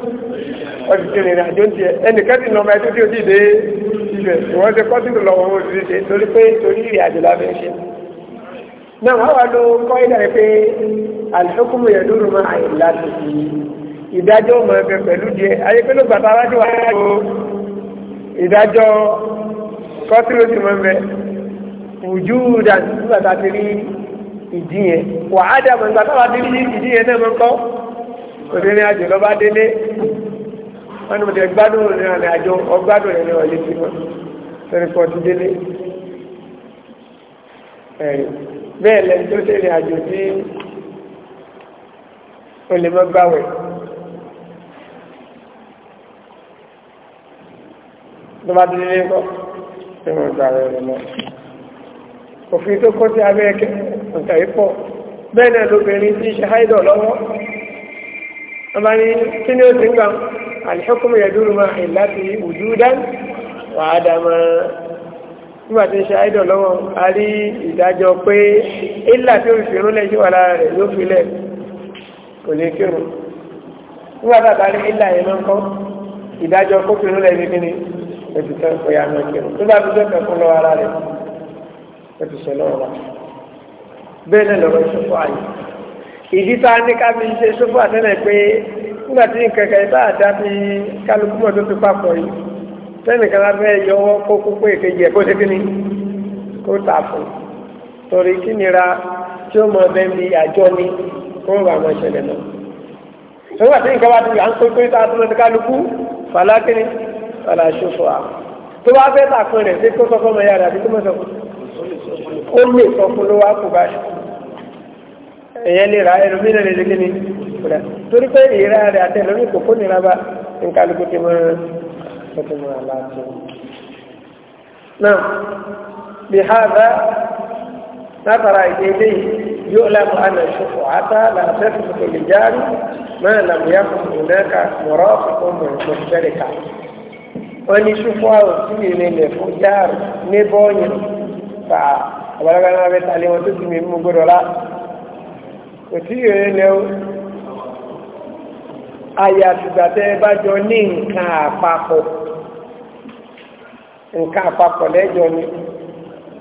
wọ́n ti tẹ̀lé ìrìnàjò ń tiẹ̀ ẹnìkan ti nà ọmọ ẹtí tí o ti dé ibẹ̀ ìwọ́n ti kọ́ sínú lọ́wọ́ wọn ti ṣe torí pé torí ìrìnàjò la fi ń ṣe. náà wọ́n wá ló kọ́ ìdá rẹ̀ pé al-hukmu yaduru ma'a illatihi ìdájọ́ ọmọ ẹgbẹ́ pẹ̀lú díẹ̀ ayé pé ló gbàtà wá sí wàhálà tó ìdájọ́ kọ́tìlósì mọ́ mẹ́ wujudan nígbà tá a ti rí ìdí yẹn wàhálà mọ̀ nígbà tá a ti ìdí wọ́n ní mo ti gbádùn rẹ̀ rìn àjò ọgbádùn rẹ̀ ní ọ̀lẹ́ tí wọ́n sọ̀rọ̀ fún ọtí délé bẹ́ẹ̀ lẹ́ni tó ṣe rìn àjò tí o lè mọ́ gbáwẹ̀ tó bá ti délé kọ́ tí wọ́n gbáwẹ̀ rẹ̀ lọ òfin tó kọ́ sí abẹ́ ẹ̀kẹ́ ọ̀tà ìpọ̀ bẹ́ẹ̀ náà lóbìnrin tí ṣe háìdọ̀ lọ́wọ́ ọba ní kí ni ó ti ń gbà alihukumu yadúró máa ń láti wujudan wà á dá máa nígbà tí ń ṣe àìdọ̀ lọ́wọ́ a rí ìdájọ́ pé ilà tí ó fi rúnlẹ̀ sí wà lára rẹ̀ yóò filẹ̀ kò lè kírun nígbà tá a bá rí ilà yẹn máa ń kọ́ ìdájọ́ kó fi rúnlẹ̀ ní kíni ètò ń pòyà náà kírun tó bá fún lọ́wọ́ ara rẹ̀ ètò sọ lọ́wọ́ wa bẹ́ẹ̀ náà lọ́wọ́ ìṣòfò àyè ìdí tá a ní ká fi ṣe ṣòfò àtẹ́lẹ̀ pé nígbà tí kẹ̀kẹ́ bá dábí kálukú mọ̀ tó fi papọ̀ yìí tẹ́nìkan lábẹ́ yọwọ́ kó púpọ̀ èkejì ẹ̀ kó ṣe kí ni kó tà fún torí kí nira tí ó mọ bẹ́ẹ̀ ni àjọ ni kó wà mọ́ ìṣẹ̀lẹ̀ náà nígbà tí nǹkan bá ti à ń pé pé tá a tó lọ kálukú fàlá kí ni fàlá ṣòfò à tó bá fẹ́ tà fún rẹ̀ sí kó sọ fún ọmọ yàrá àbí kó mọ̀ sọ fún ó lè sọ fún ló wá kó báyìí èèyàn lè ra ẹlòmíì náà lè ṣe kí ni kódà torí pé ìra rẹ̀ àti ẹlòmíì kò kó nira bá nǹkan àlùkò ti mọ ẹ ti mọ àlàáfíà. náà bí háàbá látara ìdílé yóò lámù àná ìṣòfò àtà làtẹ́sí tuntun lè járe máa làmúyá fún ìnáka mọ̀rọ́ fún mọ̀ọ́sẹ̀ríkà wọ́n ní ṣùfọ́ àwọn tí mi lè lè fún járe ní bọ́ọ̀yìn fa àbálẹ́gbẹ́ náà bẹ́ẹ̀ tà wọn tó ti mi mú gbọ́dọ̀ kò tí ìrẹ́ lẹ́wọ́ àyà àtìgbà tẹ́ ẹ bá jọ ní nǹkan àpapọ̀ nǹkan àpapọ̀ lẹ́jọ́ ni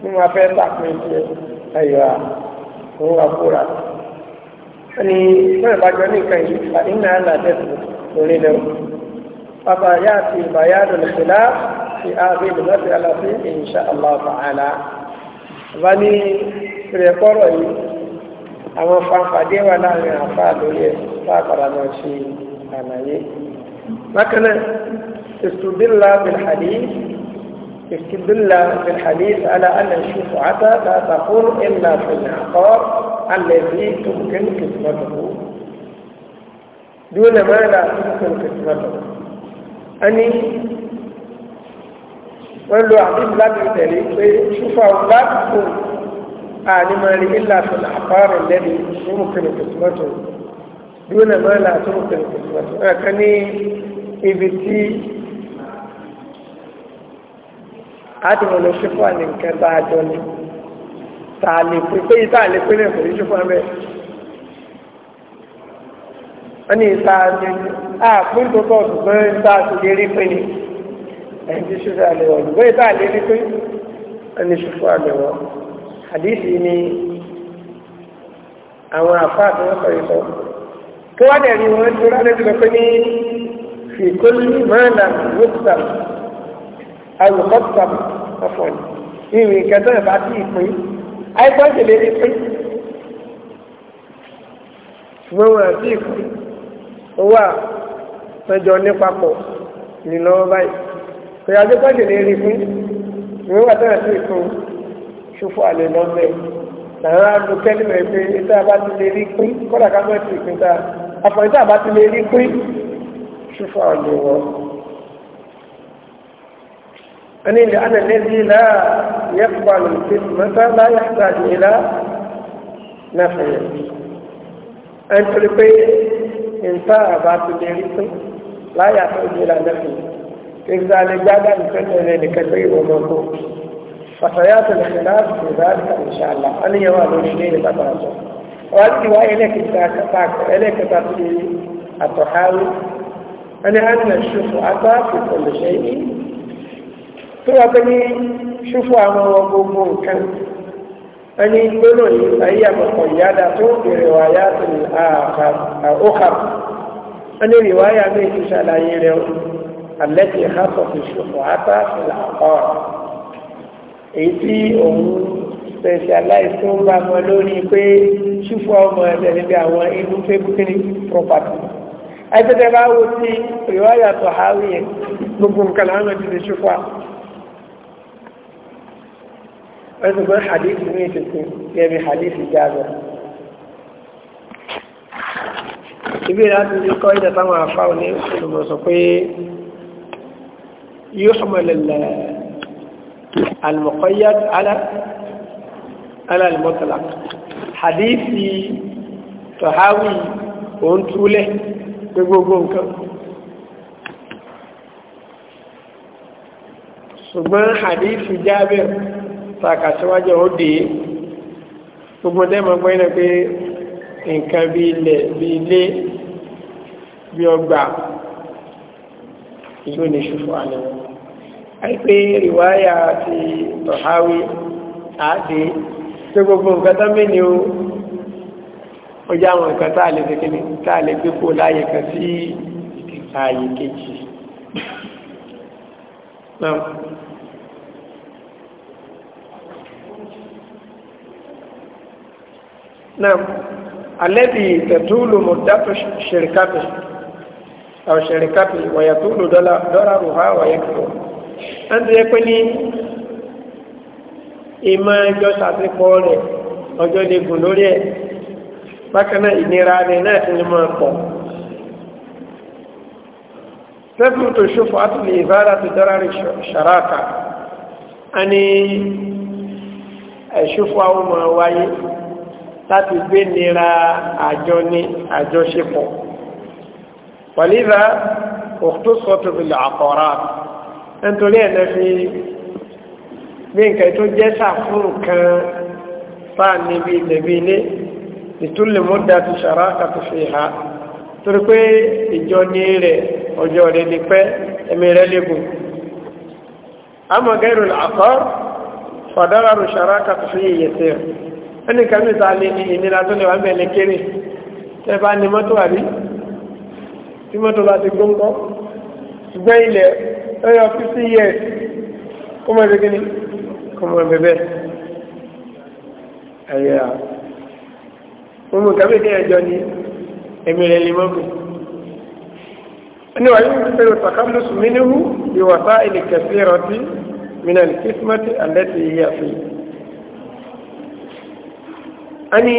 ní wọn fẹ́ tàpín sí ẹ̀yọ́ àwọn àkúrà ẹni fẹ́ẹ̀ bá jọ ní nǹkan yìí àdínà àlàdẹ́sì lórí lẹ́wọ́ bàbá yá àti ìbáyá lòlùsílá fi ààbí lòlùsílá fi insha Allah ta'ala bá ní rẹ̀ yìí àwọn fanfàdé wà láàrin àfáà lórí ẹ̀ láàpàdà náà ṣe àlàyé bákan náà istudilla bil hadith استدل àlẹ على أن الشفعة لا تكون إلا في العقار الذي تمكن كسبته دون ما لا تمكن كسبته أني wọ́n lo àdúgbò láti tẹ̀lé pé ṣúfà ò bá kò ànímọ̀ rí ilà fún àpárọ̀ lẹ́nu nínú kìnnì kìsìmọ́tò dúnà máa là tó kìnnì kìsìmọ́tò àkà ní ibi tí àdìmọ̀ ló ṣe fún àní nǹkan bá a jọ ni tá a lè pè pé ìta lè pè náà kò ní ṣe fún ni a fún tó kọ́ ṣùgbọ́n ìta sì lè rí pé ni ẹ̀yìn tí ṣe fún àlẹ́ wọ̀ ṣùgbọ́n ìta lè rí pé ẹni ṣe fún àlẹ́ àdìsí ni àwọn àfáà tí wọ́n sọ̀rọ̀ sọ kí wọ́n dẹ̀rí wọn tó rárá tó lọ pé ní fìkólú mọ́ọ̀lá wọ́pùtàm àwòkọ́pùtàm ọ̀fọ̀n ìrìn ìkẹtọ́ ìbá sí ìpín àìpọ́ ìṣẹ̀lẹ̀ ìpín ṣùgbọ́n wọn àti ìpín owó à mẹjọ ní papọ̀ nílọ́wọ́ báyìí kò yàtọ̀ ìṣẹ̀lẹ̀ ìpín ìwé wà tẹ́lẹ̀ sí ìpín ṣòfò àlè lọ́mẹ̀ àwọn alùpẹ́lú rẹ̀ pé ìta bá ti lè rí pín kọ́dà ká mọ́ ti pín ta àpọ̀ ìta bá ti lè rí pín ṣòfò àlè wọ́. أن لأن الذي لا يقبل الخدمة لا يحتاج إلى نفع أن تلقي إنسان بعد ذلك لا يحتاج إلى نفع إذا لجأ الإنسان إلى نكتب ومنطوق فسيات الخلاف في ذلك ان شاء الله ان يوا لوشين بطاطا وهذه روايه لك تاك لك تفسير انا أنا أن الشفعة في كل شيء توابني شفعة وقبول كان أن يقولوا فهي مقيدة بروايات الآخر أخر أن رواية مثل شلائل التي خصت الشفعة في العقار èyí tí òun specialize tó ń bá mọ lórí pé ṣùfọ́ ọmọ ẹ̀sẹ̀ níbi àwọn inú fébúkiri property ẹgbẹ́tẹ́ bá wo sí ìwáyà tó háwí yẹn gbogbo nǹkan láwọn ẹ̀sẹ̀ ti ṣùfọ́ ẹgbẹ́gbẹ́ hadith ní ìtìsí gẹ́bí hadith ìjáàbọ̀ ibi láti ní kọ́ ìdàtàwọn àfáwọn ní olùmọ̀sọ̀ pé yóò ṣọmọlẹ̀lẹ̀ المقيد على على المطلق حديث طحاوي وانتوله بغوغون كان ṣùgbọ́n hadith Jabir takàṣíwájú òde gbogbo dẹ́mọ̀ gbẹ́nà pé nǹkan bí ilẹ̀ bí ilé bí ọgbà ìlú ní ṣùfọ́ àlẹ́wọ̀n àìpé rìwáyà àti tọ̀háwí àti tó gbogbo nǹkan tó mẹ́ni o ó jẹ́ àwọn nǹkan táà lè fẹ́kẹ́ni táà lè gbé kó láyé kan sí ààyè kejì náà náà alẹ́bí tẹ̀túlù mọ̀dátù ṣèrìkàtì àwọn ṣèrìkàtì wọ̀yàtúlù rùhá wọ̀yàtúlù ẹni tó yẹ pé ní ìmọ̀ ẹjọ́ sàtìpọ̀ rẹ̀ ọjọ́ lè gùn lórí ẹ̀ bákan náà ìnira rẹ̀ náà ti lè máa pọ̀ sẹ́fún tó ṣòfò àtìlẹ̀ ìbára tó dára rẹ̀ ṣàráàkà a ní ẹ̀ṣòfò àwọn wáyé láti gbé nira àjọ ní àjọṣepọ̀ pẹ̀lú ìlà òkútó sọ́tò nítorí ẹ̀ lọ fi gbé nǹkan tó jẹ́ sàfún kan fáà níbi ìdẹ̀bí ilé ìtúlẹ̀ mọ́dà ti ṣàrá kàtúfì ha torí pé ìjọ ní rẹ̀ ọjọ́ rẹ̀ lè pẹ́ ẹ̀mí rẹ̀ lẹ́gùn amọ̀gẹ́rù àkọ́ fàdárarù ṣàrá kàtúfì yẹ̀tẹ̀ ẹni kan níta lè ní ìnira tó lè wà mẹ́lẹ̀ kéré tẹ́ bá ní mọ́tò àrí tí mọ́tò bá ti gbóńkọ́ ṣùgbọ́n ilẹ̀ ẹyọ fifty years kó mọ̀ ẹgbẹ́ gíní kó mọ̀ ẹgbẹ́ bẹ́ẹ̀ ẹ̀yẹ kàbí ní ẹjọ́ ni ẹ̀mí rẹ̀ lè mọ́ pé ẹni wà yóò fẹ́ lọ sàkámù sùmínú ìwàsá ilẹ̀ kẹsí rọtí mìíràn kìsímọ́tì àlẹ́tì yíyà fi a ní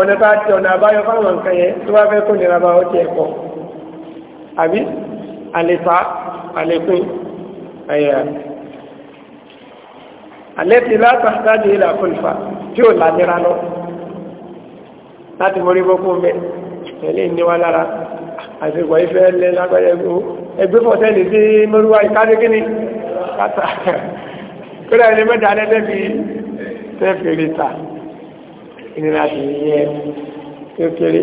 ọ̀nà bá ti ọ̀nà àbáyọ fáwọn nǹkan yẹn tó bá fẹ́ kó nira bá ó ti ẹ̀kọ́ àbí àlèfà àlékún ẹ̀yà àlẹ́tì látàkàdé ìlà fúnfà tí ó lágbára lọ láti mọ́rí bọ́kú mẹ́ ẹ̀lẹ́ ìníwá lára àṣẹgbọ̀ ìfẹ́ lẹ́ lágbára ẹgbẹ́ fọ́tẹ́lì sí mọ́rúwá ìkádé kíní kátà kódà ilé mẹ́ta lẹ́tẹ́ fi tẹ́fìrì ta ìnira ti yẹ kékeré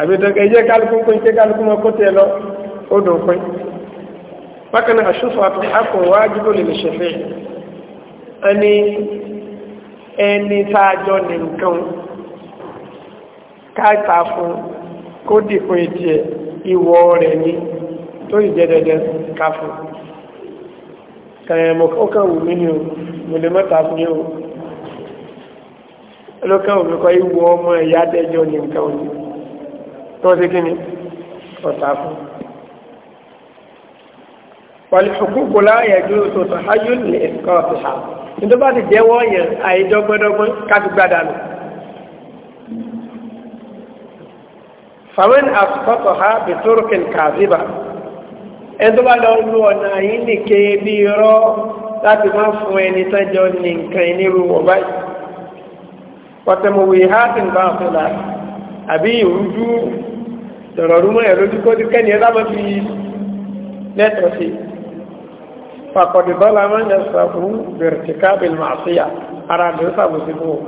àbí tó kẹ́ jẹ́ kálukú pé jẹ́ kálukú mọ́ kó tẹ lọ ó dùn pín bákan náà ṣùfà àti akọ̀ wájúbò lè ṣẹ̀fẹ́ ẹni ẹni sáájọ ní nǹkan káàkà fún kó dìpò ìtì ìwọ̀ rẹ̀ ní tó ìjẹ́dẹ̀dẹ̀ ká fún wù mí ni o mo lè mọ́ta fún yóò ẹlọ́kàn òmí kọ́ ìwọ̀ ọmọ ìyá tẹ́jọ ní nǹkan wàlùfùkúkù láàyè ju tòtò ayú ní ẹ̀kọ́ ọ̀fìhà nítorí bá ti jẹ́wọ́ yẹn àìdọ́gbọ́dọ́gbọ́n káfí gbádà nù. fàmín àsùkọ́tọ̀ ha bí tórókìn kàzíbà ẹni tó bá lọ lu ọ̀nà yìí nìke bí irọ́ láti má fún ẹni tẹ́jọ́ ní nǹkan ìnírú wọ̀ báyìí. pọ̀tẹ́mọ̀wé ha ti ń bá fàkọ̀dì bọ́lá máa ń yẹ sàfún bẹ̀rẹ̀tìká bí màṣíyà ara rẹ̀ sàbò sí fún o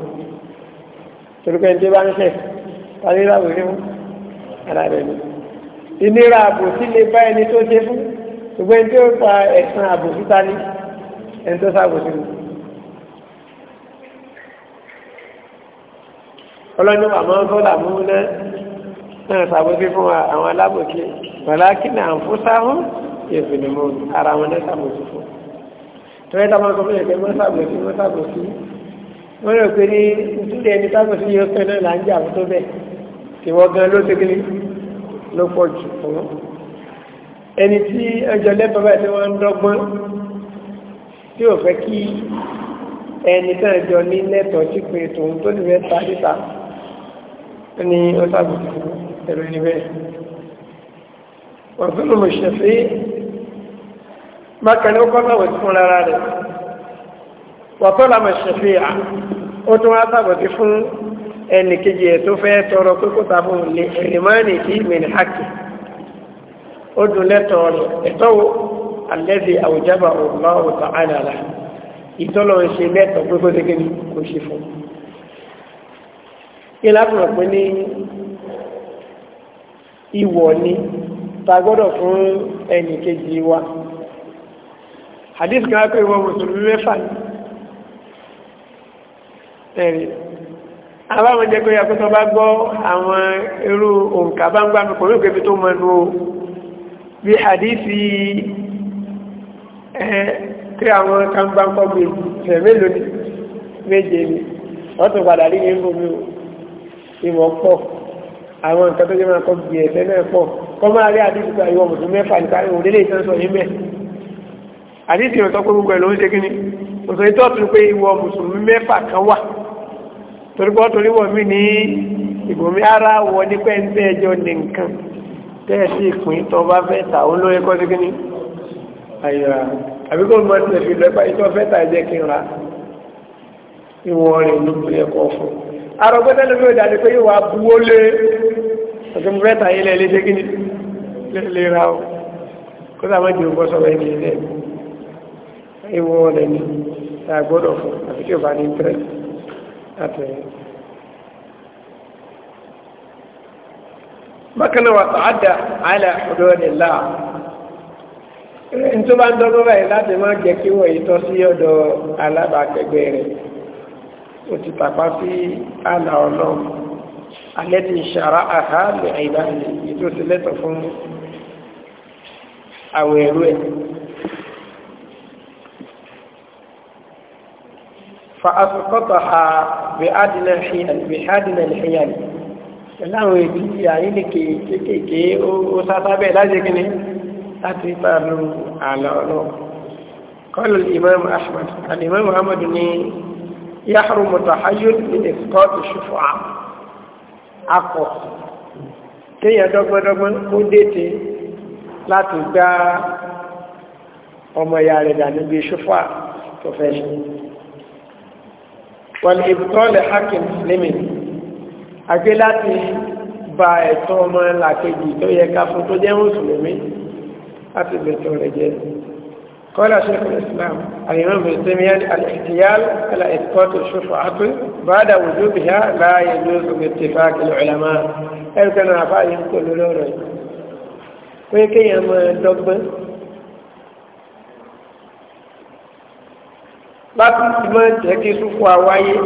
torípé ní bá ń ṣe tàbí láwùí ní ara rẹ̀ ni ìnira àbòsí lè bá ẹni tó ṣe fún ṣùgbọ́n ẹni tó pa ẹ̀sán àbòsí ta ní ẹni tó sàbòsí ni àmọ́ bọ́lá mú náà sàbòsí fún àwọn alábòsí wàlákì náà ń fún sáhùn yóò ni ní mọ́ọ̀nù ara wọn lẹ́sà mọ̀tò fún tọ́lá ìta máa ń sọ fún ẹ̀kẹ́ mọ́sà gbòsí mọ́sà gbòsí wọ́n rò pé ní ìtúlẹ̀ ẹni tá gbòsí yóò fẹ́ náà là ń jà fún tó bẹ́ẹ̀ tí wọ́n gan ló tẹ́kẹ́lé ló pọ̀ jù fún wọn ẹni tí ọjọ́ lẹ́bàá báyìí tí wọ́n ń dọ́gbọ́n tí ò fẹ́ kí ẹni tán jọ ní lẹ́tọ̀ọ́ tí pé tòun tó lè fẹ́ ta níta ni ó sábà fún ẹ̀rọ ẹni bẹ́ẹ̀ wọ́n fún mi ṣẹ̀fẹ́ mákàní ó kọ́sàwọ̀ sí fún rárá rẹ̀ wàtọ́lá mẹ́sẹ̀fẹ́ à ó tún wá sàbọ̀ sí fún ẹnì kejì ẹ̀ tó fẹ́ tọrọ pé kó ta fún lè ẹ̀rìmọ́nì kí mìíràn hákì ó dùn lẹ́tọ̀ọ́ rẹ̀ ẹ̀tọ́ wo alẹ́dẹ̀ àwùjábà ọ̀gbà ọ̀tà àdàlà ìtọ́lọ̀ ṣe lẹ́tọ̀ọ́ pé kó tẹ́kẹ́ kó ṣe fún kí lábùrọ̀ pé ní ìwọ̀ ni ta gbọ́dọ̀ fún ẹnì kejì wa hadith kan pé wọn mùsùlùmí mẹ́fà ní ẹ̀rí aláwọn jẹ́ pé yàtọ̀ bá gbọ́ àwọn irú òǹkà bá ń gbá mi pẹ̀lú ìgbẹ́bí tó mọ̀ nù bí hadithi ẹ̀ pé àwọn kan bá ń kọ́ gbé mélòó ni méje ni wọ́n tún padà rí ní gbòmí o ìmọ̀ pọ̀ àwọn nǹkan tó jẹ́ máa kọ́ gbé ẹ̀fẹ́ náà pọ̀ kọ́ máa rí àdìsí pé àyíwọ̀ mùsùlùmí mẹ́fà nípa ìwòdélé ìtàn sọ yìí mẹ́fà àdísì ọ̀tọ́ pé gbogbo ẹ̀ ṣe kí ni òsò ètò ọ̀tún pé ìwọ mùsùlùmí mẹ́fà kan wà torípọ́ torí wọ̀ mí ní ìbòmí ara wọ ní pẹ́ńtẹ́ ẹjọ́ ní nǹkan tẹ́ẹ̀sì ìpín tó bá fẹ́ tà ó lóye kọ́ sí kí ni àyà àbíkó mọ́ ti lè fi lọ́pàá ìtọ́ fẹ́ tà ẹ̀jẹ̀ kí n ra ìwọ̀n rẹ̀ ló gbé ẹ̀kọ́ fún arọgbẹ́tẹ́ ló fẹ́ dàdí pé ilẹ̀ ilé ṣe kí ni lè ra ọ kó sàmọ́jì ògbọ́sọ̀rọ̀ ẹni ilẹ̀ mi ewọ rẹ̀ ni tá a gbọ́dọ̀ fún àti tí ò bá ní interest láti rẹ̀. bákan náà wà tààdà àlà ọ̀dọ́ rẹ̀ láà tó bá ń dọ́gbọ́n báyìí láti má jẹ́ kí wọ́n yìí tọ́ sí ọ̀dọ̀ alábàákẹ́gbẹ́ rẹ̀ ó ti tàpá sí àlà ọlọ́run alẹ́ ti ṣàrá àhá lè àìbáyìí tó ti lẹ́tọ̀ fún àwọn ẹ̀rú ẹ̀ fa'asukọtọha bihadina alhiyani láwọn èdè tí a ní kéèkéèké ó sáfá bẹ́ẹ̀ láti gíní láti pàrọ àlọ́ọ̀lọ́ kọlù imam ahmad al'imam muhammadu ni ya haru mọ̀tọ̀ hajjọ́ ní ẹ̀kọ́tù ṣùfọ́ akọ̀ kéèyàn dọ́gbọ́dọ́gbọ́n ó déte láti gbá ọmọ ìyá rẹ̀ ṣùfọ́ tó wọn ìbùtọ́lẹ̀ hakim lèmi àti láti ba ẹ̀tọ́ ọmọ làkejì tó yẹ ká fún tó jẹ́ mùsùlùmí láti bẹ̀tọ̀ rẹ̀ jẹ́ kọ́lá ṣẹ́kùn islam àyẹ̀wọ̀n bẹ̀tẹ̀míyà al-ihtiyal ala ìtọ́tù ṣùfọ́ àtú bada wujubiha la yajuzu bittifaq al náà fáyé ń kó lórí ọ̀rọ̀ yìí pé kéèyàn máa dọ́gbọ́n láti ti máa jẹ́ kí súnkú àwáyé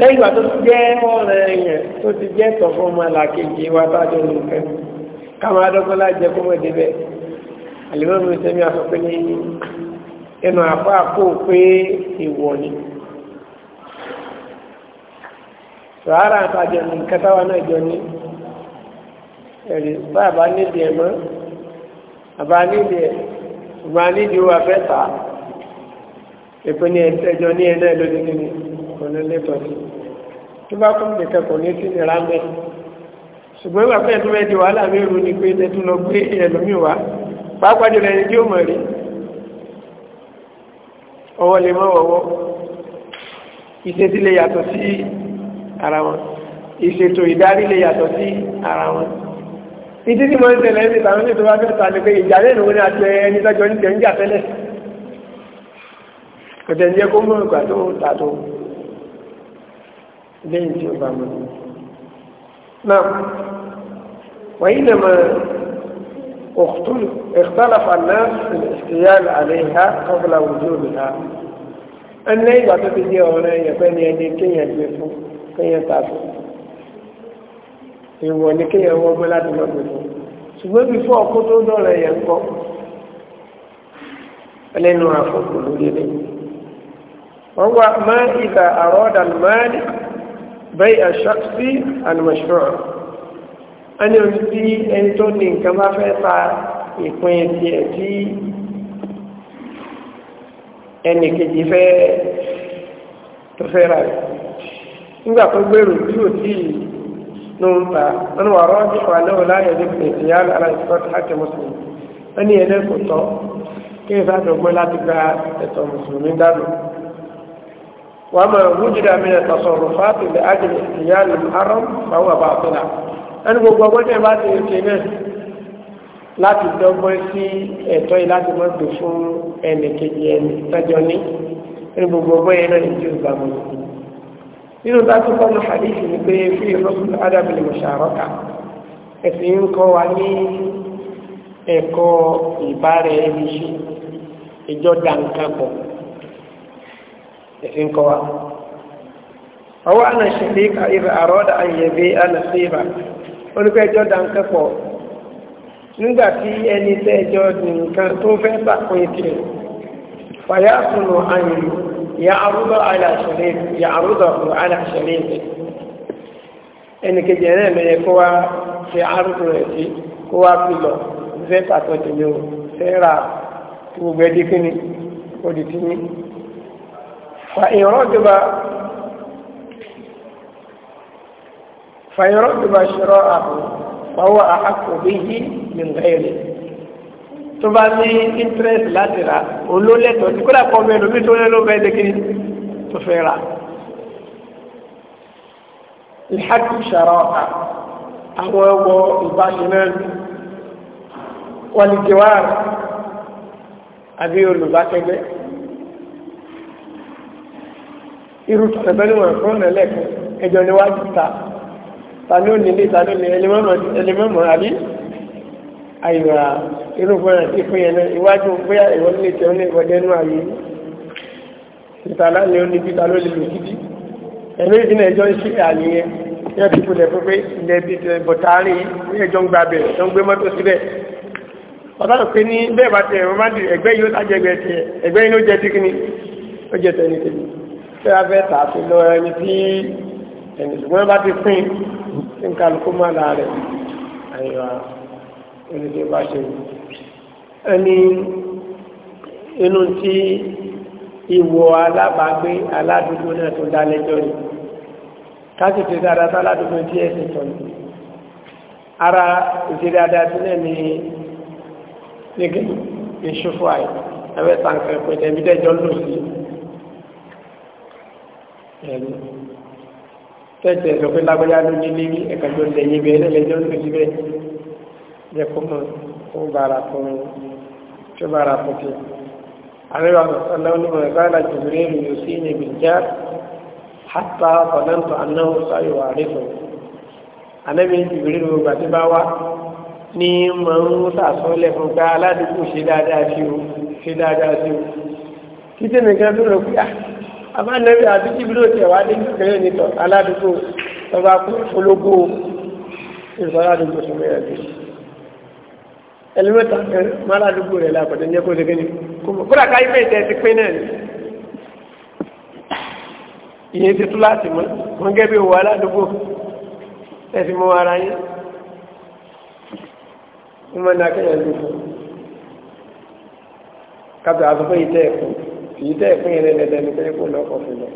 lẹ́yìn ìgbà tó ti jẹ́ ọ̀rẹ́ èèyàn tó ti jẹ́ tọ̀ fún ọmọ làkejì wa tájọ nìkan ká máa dọ́gbọ́n lájẹ kó mọ̀ débẹ̀ àlùmọ́ọ̀mù ìsẹ́mi àsọpẹ́ ní ẹnu àpá kò pé ìwọ̀ ni sàárà àtàjọ nìkan táwa náà jọ ní ẹ̀rí bá àbá nídìí ẹ̀ mọ́ àbá nídìí ẹ̀ ìgbà nídìí wà fẹ́ tàá èpè ní ẹjọ́ ní ẹ náà lójú nínú onílẹ̀tọ̀ sí tó bá kún nìkan kò ní sí nira mẹ́ ṣùgbọ́n ìgbà pẹ́ẹ́ tó mẹ́ di wàhálà mi rú ni pé tẹ́tù lọ gbé ẹlòmíì wá pàápàá jùlọ ẹni tí ó mọ̀ rí ọwọ́ lè mọ́ ọwọ́ ìṣètì lè yàtọ̀ sí ara wọn ìṣètò ìdarí lè yàtọ̀ sí ara wọn ìdí tí mo ń tẹ̀lé ní ìtàwọn ètò wá fẹ́ ta ni pé ìjà lẹ́nu wọn ni àti ẹni tọ́jọ́ ní tẹ̀ ń jà tẹ́lẹ̀ kẹtẹ ń jẹ́ kó mọ̀ ìgbà tó ta tó lẹ́yìn tí ó bá mọ̀ náà wàyí nà mà اختلف الناس في الاحتيال عليها قبل وجودها ẹni lẹ́yìn ìgbà tó ti jẹ́ ọ̀rẹ́ ẹ̀yẹ̀pẹ́ ni ẹni kéèyàn gbé fún kéèyàn ta fún ìwọ̀ ni kéèyàn wọ́gbẹ́ láti lọ fún ṣùgbọ́n bí fún ọkọ́ tó dọ̀rọ̀ ẹ̀yẹ̀ kọ́ ẹlẹ́nu àfọ́kù lórí ẹlẹ́yìn وهو ما إذا أراد المالك بيع الشخص المشروع أن يمضي أن تنين كما فيطع يكون تيأتي ẹnì kejì fẹ́ tó fẹ́ ra rẹ̀ nígbà tó gbèrò tí ò tí ló ń ta wọn wà rọ́ nípa aláwọ̀ láyé ní pẹ̀lú ala ìsọ́tí àti mùsùlùmí wọn ni ẹ̀dẹ́ tọ́ kí n sáà dọ̀gbọ́n láti gba ẹ̀tọ́ mùsùlùmí dánù وما وجد من التصرفات لأجل احتيال الحرم فهو باطلا ẹni gbogbo ọgbọ́n tẹ̀ bá ti ṣe náà láti dọ́gbọ́n sí ẹ̀tọ́ yìí láti mọ́ gbé fún ẹnì kejì ẹni tọ́jọ́ ní ẹni gbogbo ọgbọ́n yẹn náà ní tí ó gbà mọ́ nínú dájú kọ́nù hadith ni pé fi ìrọ́sùn adábìlì mọ̀ṣàrọ́kà ẹ̀sìn ń kọ́ wa ní ẹ̀kọ́ ìbára ẹni ṣe ìjọ dànkà pọ̀ ẹ̀fín kọ́ wa ọwọ́ àna ṣèlíkà ibẹ̀ àrọ́dà ayẹ̀bẹ̀ ànàṣẹ́bà onípẹ́jọ́ dá nǹkan pọ̀ nígbà tí ẹni tẹ́jọ́ nǹkan tó fẹ́ sàkóyè tirẹ̀ fàyà sùnù àyìn yà àrúdọ̀ àlàṣẹ̀lẹ̀ ẹni kejì ẹ̀rẹ́ mẹ́rẹ̀ kó wá fi àrùdọ̀ rẹ̀ sí kó wá fi lọ fẹ́ sàkóyè tèmi ò fẹ́ ra gbogbo ẹdí kíni فإن رغب شراءه فهو أحق به من غيره tó bá ní interest láti ra olólẹ́tọ̀ tí kódà kọ́ bẹ́ẹ̀ lómi tó lẹ́lọ́ bẹ́ẹ̀ dékiri tó fẹ́ ra ìhákì ṣàrọ̀ àwọn ọwọ́ ìbáṣe náà wọ́n lè jẹ́wàá àbí olùbákẹ́gbẹ́ irú tọ̀nàbẹ́ ni wọ́n fún ọ̀nà lẹ́ẹ̀kan ẹjọ́ níwájú ta ta ló nílé ta ló ní ẹlẹ́mọ̀mọ̀ àbí àyíwá irú fún ọ̀nà tí fún yẹn náà iwájú bóyá ìwọ nílé tẹ̀ ọ́ ní ìwọ́dẹ́ nú àyè ìta láàrin ó níbi ta ló lè lò gidi ẹ̀mí ìdí náà ẹjọ́ ń ṣe àlè yẹn yóò ti kú lẹ́fún pé ilẹ̀ ibi tẹ bọ̀tàárì ẹjọ́ ń gba bẹ̀rẹ̀ tó ń gbé mọ́tò síbẹ̀ ọ̀tá pé ní bẹ́ẹ̀ bá tẹ ẹ̀rọ má dì ẹgbẹ́ yìí ó sájẹgbẹ́ tiẹ̀ ẹgbẹ́ yìí ló jẹ tí kíní ó jẹ tẹ̀ ní tèmi tí a fẹ́ tà sí lọ ẹni tí ẹni ṣùgbọ́n bá ti pín tí n kálukú má la rẹ̀ àyíwá ẹni tí ó bá ṣe ẹni inú tí ìwọ alábàágbé aládùúgbò náà tó dá lẹ́jọ́ ni káṣí ti dáadáa sí aládùúgbò tí ẹ ti tọ̀ ara ìṣẹ̀lẹ̀ dáadáa sílẹ̀ ní nígbè ìṣòfò àyè ẹ̀fẹ́ tàǹkà ìpínlẹ̀ ìbídẹ́jọ́ lòsì ẹ̀rù tẹ́tẹ́ sọ pé lágbájá ló ní lérí ẹ̀ka jọ lẹ́yìn bẹ́ẹ̀ lẹ́lẹ́jọ́ ló ti bẹ́ẹ̀ yẹ kó mọ̀ kó bára fún tó bára fún tiẹ̀. àríwá sọ̀tàn náà ní mọ̀ ẹ̀ka láti rí èrò yóò sí ní ìbìjá hátà fọ̀nàntọ̀ anáwó sáyò àrífọ̀. ànábi ìbìrí ló gbà tí bá wá ní mọ̀ ń sàsọ́lẹ̀ fún ká aládùúgbò ṣe dáadáa sí o ṣe dáadáa sí o kí abánẹ́bí àti jíbílò tẹ̀ wá dé kékeré nìtọ̀ aládùúgbò ọba kú ológo ìfọ̀ládùúgbò tó mẹ́rẹ̀ bí ẹlẹ́mẹ́ta mọ́ládùúgbò rẹ̀ lápọ̀tẹ́ ní ẹkọ́ ìdẹ́gẹ́ni kúrò káyí bẹ́ẹ̀ tẹ́ ti pín náà ìyẹn ti tú láti mọ́ wọ́n gẹ́bí èyí tẹ́ ìpín yẹn lẹ́lẹ́lẹ́ ní pé kó lọ́kọ̀ fi lọ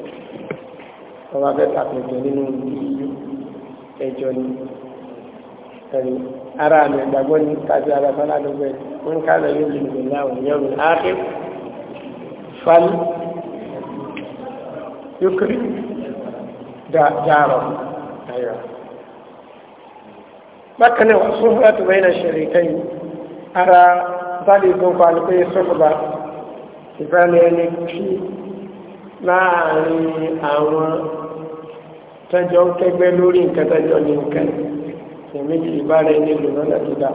ọba fẹ́ tàpẹ̀jọ nínú ẹjọ́ ni ẹ̀rí ara àmì ìgbàgbọ́ ní kájú ara sọ́lá ló gbẹ ń kálẹ̀ yóò lè lè láwọn yóò lè áké fali yókèrè jaarọ̀ ayọ̀ bákan náà wọ́n sọ́fúnra tó bẹ́ẹ̀ náà ṣẹlẹ̀ kẹ́yìn ara bá lè gbọ́n pa àlùkò yẹn sọ́fúnra ìbáni ẹni kí láàrin àwọn tẹ́jọ ń kẹgbẹ́ lórí nǹkan tẹ́jọ ní nǹkan èmi kì í bára ẹni lò lọ́nà tó dà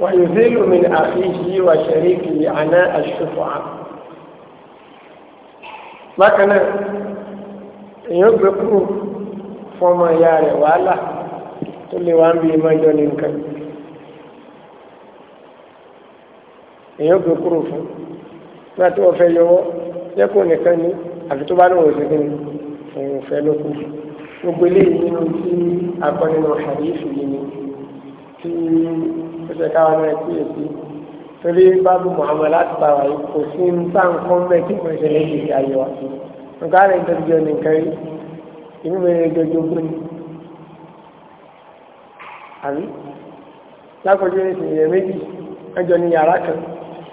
wọ́n yóò dé lómi àfihì wà ṣẹ̀rí kì í àná àṣùfọ̀ á èèyàn gbé kúrò ìyá rẹ̀ wàhálà tó lè wá ń bí ìmọ̀jọ ní nǹkan èyàn gbé kúrò fún nígbà tí wọ́n fẹ́ yọwọ́ jẹ́ kó nìkan ní àfi tó bá ní òun ṣègbè òun fẹ́ ló kú gbogbo eléyìí nínú tí akọ́nínú àdéhùn yìí ni tí ó ṣe káwọn náà kíyèsí torí bábù muhammed láti bá wa yìí kò sí ń nǹkan mẹ́ tí kò ṣẹlẹ̀ yìí ṣe ayé wa nǹkan rẹ̀ dọ́jọ́ nìkan rí inú mi rẹ̀ dọ́jọ́ gbé ni àbí lákòókò ìṣẹ̀lẹ̀ méjì ẹjọ́ ní yàrá kan.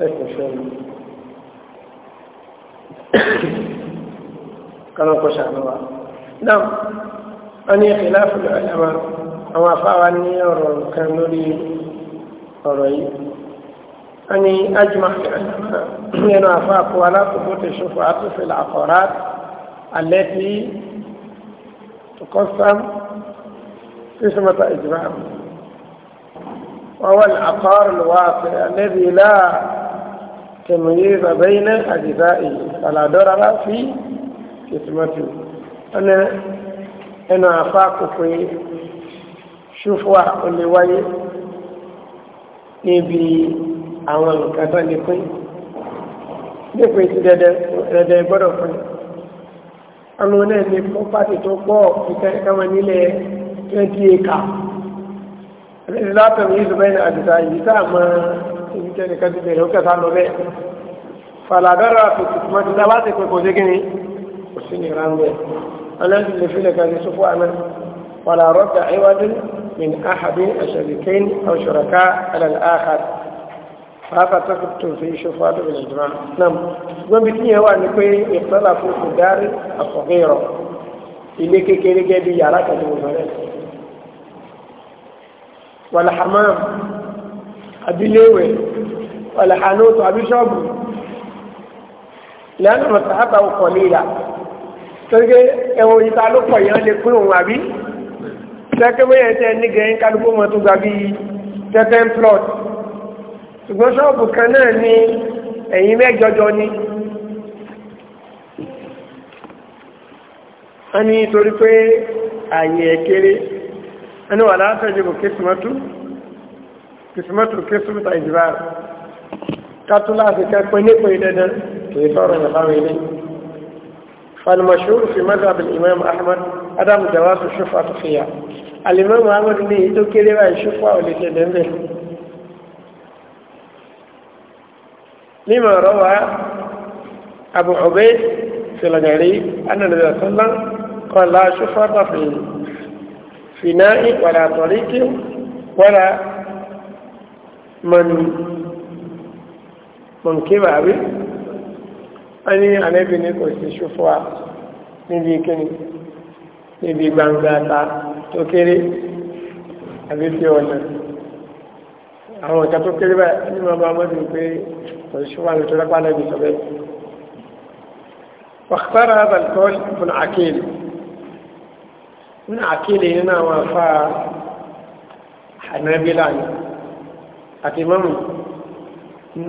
ايش كما قشعنا نعم أن خلاف العلماء أما فاغني أو كنولي أوري أني أجمع العلماء من أفاق ولا تبوت الشفعات في العقارات التي تقسم قسمة إجمع وهو العقار الواقع الذي لا tẹ̀mọ̀yé bàbá iná àdìbá èyí fàlàdọ́ra bá fi kìtìmọ́tì ọ̀nà ẹnu àfa kòkó ṣùfúà ó lè wáyé níbi àwọn nǹkan tó lè pín nípa ètò dẹdẹ gbọ́dọ̀ pín àwọn náà ní pọ́pátì tó pọ̀ ìkẹ́kẹ́wọ́ nílẹ̀ 20 acre látọ̀mí ìlú bẹ́ẹ̀ àdìbá èyí tá máa tẹ́ nìkan ti bẹ̀rẹ̀ ó kẹta lọ bẹ́ẹ̀ fàlàdọ́rọ̀ àtòkùtù mọ́ ti dá bá ti pé kò sí kí ni kò sí ní ránbẹ́ ọlọ́sìn lè fi lè kàrí sókó àná wàlà rọ́bà ìwádìí من أحد الشريكين أو شركاء على الآخر فهذا تكتب في شفاعة من الجماعة نعم وبتني هو أن يكون اختلف في الدار الصغيرة إلي كيكي كي يراك المفرد والحمام àbíléwẹ̀ ọ̀làhánótò àbíṣọ́ọ̀bù lẹ́nu ọ̀sán àbá ọkọ̀ léla torí pé ẹ̀wọ̀n ìta ló pọ̀ yẹn lè pín òun àbí tẹ́kẹ́wé yẹn tẹ́ ní gẹ̀ẹ́ kálukú mọ́ tó gba bí tẹ́tẹ́ ń plọ̀t ṣùgbọ́n ṣọ́ọ̀bù kan náà ní torí pé àyè ẹ̀kẹ́rẹ́ ẹni wà látọ̀jú kò kí kìsímọ́tò kìsímọ́tò ìjìbá kátólà fi ká pé nípa ìdẹ́dẹ́ kìí sọ̀rọ̀ ìyàfáwé فالمشهور في مذهب الإمام أحمد عدم جواز الشفعة فيها الإمام أحمد ní تو كده بقى الشفعة ò lè ṣe لما روى أبو عبيد في الغريب أن النبي صلى الله عليه وسلم قال لا شفعة في في ناء ولا طريق ولا man munkiba abi ani anabi ni kò sí ṣùfọ́à níbi kíni níbi gbangba ta tó kéré àbí fi ọ̀nà àwọn ọ̀tá tó kéré báyìí ní máa bá mọ́dún pé kò sí ṣùfọ́à nítorí lápá náà bí sọ bẹ́ẹ̀ واختار هذا القول ابن عقيل ابن عقيل هنا وفاء حنابلة àti mọ́mù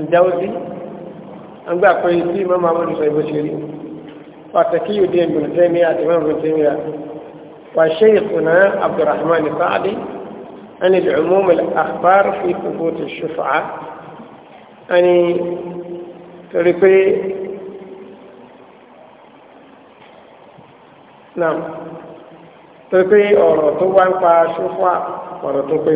ìjáwódí wọ́n gbà pé tí mọ́mù amọ́dù sọ ìbò ṣe rí pàtàkì yóò dé ìbùn tẹ́mi àti mọ́mù tẹ́mi rà wà ṣe ìfúnná abdulrahman sáàdì ẹni lè mú mi àkpár fi kókó ti ṣùfà ẹni torí pé náà torí pé ọ̀rọ̀ tó wá ń pa ṣùfà ọ̀rọ̀ tó pé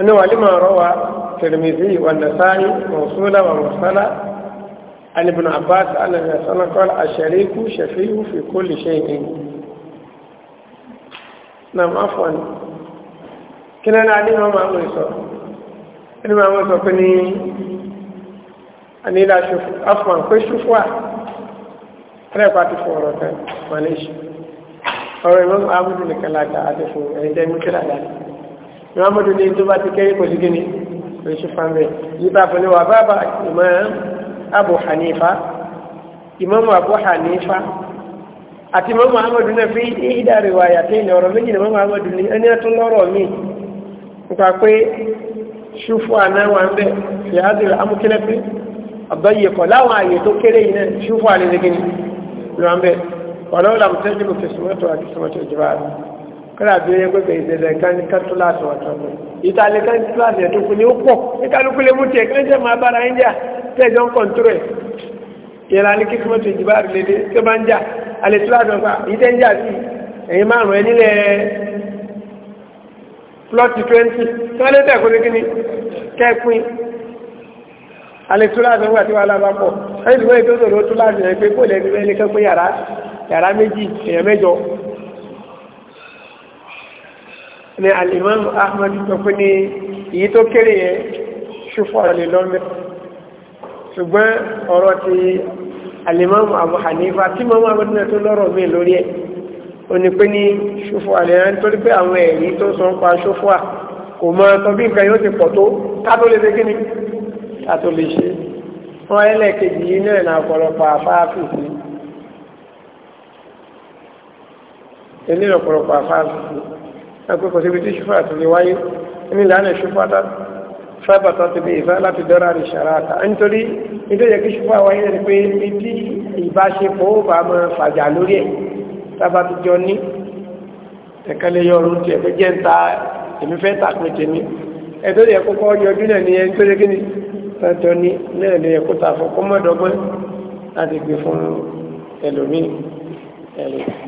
أنه ولما روى الترمذي والنسائي موصولا ومرسلا عن ابن عباس أن النبي صلى الله عليه وسلم قال الشريك شفيه في كل شيء نعم عفوا كنا نعلم ما أمر يسوع إنما أمر يسوع كني أني لا شوف عفوا كل شوف واحد أنا باتي فورا معلش أو إمام أبو بن كلاكا أتفو أنت مكلا ذلك muhammadu ní tó bá ti kẹ́rí pẹ̀lú gíní pẹ̀lú ṣùfàmẹ́ nípa pẹ̀lú wà bàbá imam abu hanifa imam abu hanifa àti imam muhammadu náà fi ìdá rìwáyà ilẹ̀ ọ̀rọ̀ méjì imam muhammadu ní ẹni tún lọ́rọ̀ mi nípa pé ṣùfù àná wà ń bẹ̀ fi hádìrì amúkẹ́lẹ́pẹ́ ọ̀dọ́yẹ̀kọ̀ láwọn àyè tó kéré yìí náà ṣùfù àlẹ́ ń bẹ̀ kọ́lá bí ó yẹ pé bẹ̀rẹ̀ ìṣẹ̀lẹ̀ kan ní kátólàsì ọ̀tọ̀ mi ìtàlẹ̀ kan kátólàsì ẹ̀tọ́ kù ní ó pọ̀ ní kálukú lè mú tiẹ̀ kí ló jẹ́ máa bára ń jà tẹ̀jọ́ ń kọ̀ntúrò ẹ̀ yẹra ní kíkọ́ tó ìjìbá rèlédé tó bá ń jà alẹ́ tó láti ọ̀pá ń jà sí ẹ̀yìn márùn ẹ̀ twenty tí wọ́n lé tẹ̀ kó ní kíní kẹ́pin alẹ́ tó láti ọ̀pá tí wọ́n lábá pọ̀ ẹ̀yìn tó ní alimam ahmed tọ́kú ní èyí tó kéré yẹn ṣùfọ́ lè lọ́mẹ́ ṣùgbọ́n ọ̀rọ̀ ti alimam abu hanifa tí mọ́mú abẹ́túnẹ̀ tó lọ́rọ̀ mi lórí ẹ̀ ó ní pé ní ṣùfọ́ àlẹ́yàn tó rí pé àwọn ẹ̀rí tó sọ ń pa ṣùfọ́ à kò mọ ọtọ bí nǹkan yóò ti pọ̀ tó kátó lè ṣe kíni kátó lè ṣe wọn ẹlẹ́ẹ̀kejì yìí náà ọ̀pọ̀lọpọ̀ àfáàfù sí ilé ọ̀pọ̀lọpọ̀ àfáàfù sí ẹgbẹ́ kò síbi tí ṣùfà ti lè wáyé ní ìlànà ṣùfà sábà tó ti bí ìfẹ́ láti dọ́ra rẹ̀ ṣàràtà nítorí nítorí yẹ kí ṣùfà wáyé rẹ̀ pé ibi ìbáṣepọ̀ ó bá máa fàjà lórí ẹ̀ sábà ti jọ ní ẹ̀kan yọrù tí ẹ̀fẹ́ jẹ́ ń ta èmi fẹ́ ta pé tèmi ẹ̀tọ́ yẹ kọ́ yọjú náà ní ẹni tó yẹ kí ni tọ́jọ́ ní náà lè yẹ kó ta fún kọ́mọ́dọ́gbọ́n láti gbé fún ẹlòmíì ẹlòmíì.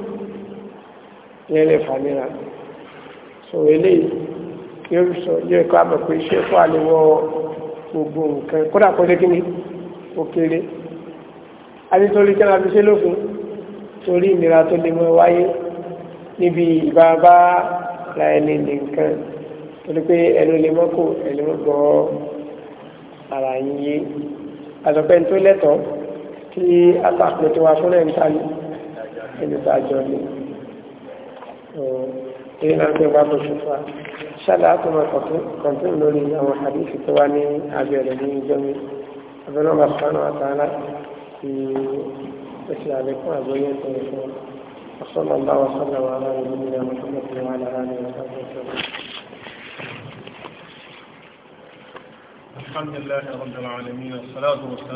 lẹ́lẹ̀ fàmíra so eléyìí yóò sọ yóò kọ́ àmọ̀ pé ṣé fún àlewọ́ gbogbo nǹkan kódà kó lé kíní ó kéré adítorí kí wọn fi ṣe lófin torí ìnira tó lè mọ wáyé níbi ìbábá ra ẹni nìkan torí pé ẹnu lè mọ́ kó ẹni mọ́ gbọ́ ara yín yé àtọ̀pẹ́ tó lẹ́tọ̀ọ́ kí àtàkùn tó wá fún ẹni tá a jọ ni. èyí náà tó bá bó ṣe fa ṣáàlà á tó máa kọ̀tún lórí àwọn àdéhùn tó wá ní abẹ́rẹ́ ní ìjọ mi abẹ́rẹ́ ọba sọ́nà àtàlá ti ṣe àlékún àgbóyé ìtọ́jú fún wa. وصلى الله وسلم على نبينا محمد وعلى اله وصحبه وسلم. الحمد لله رب العالمين والصلاه والسلام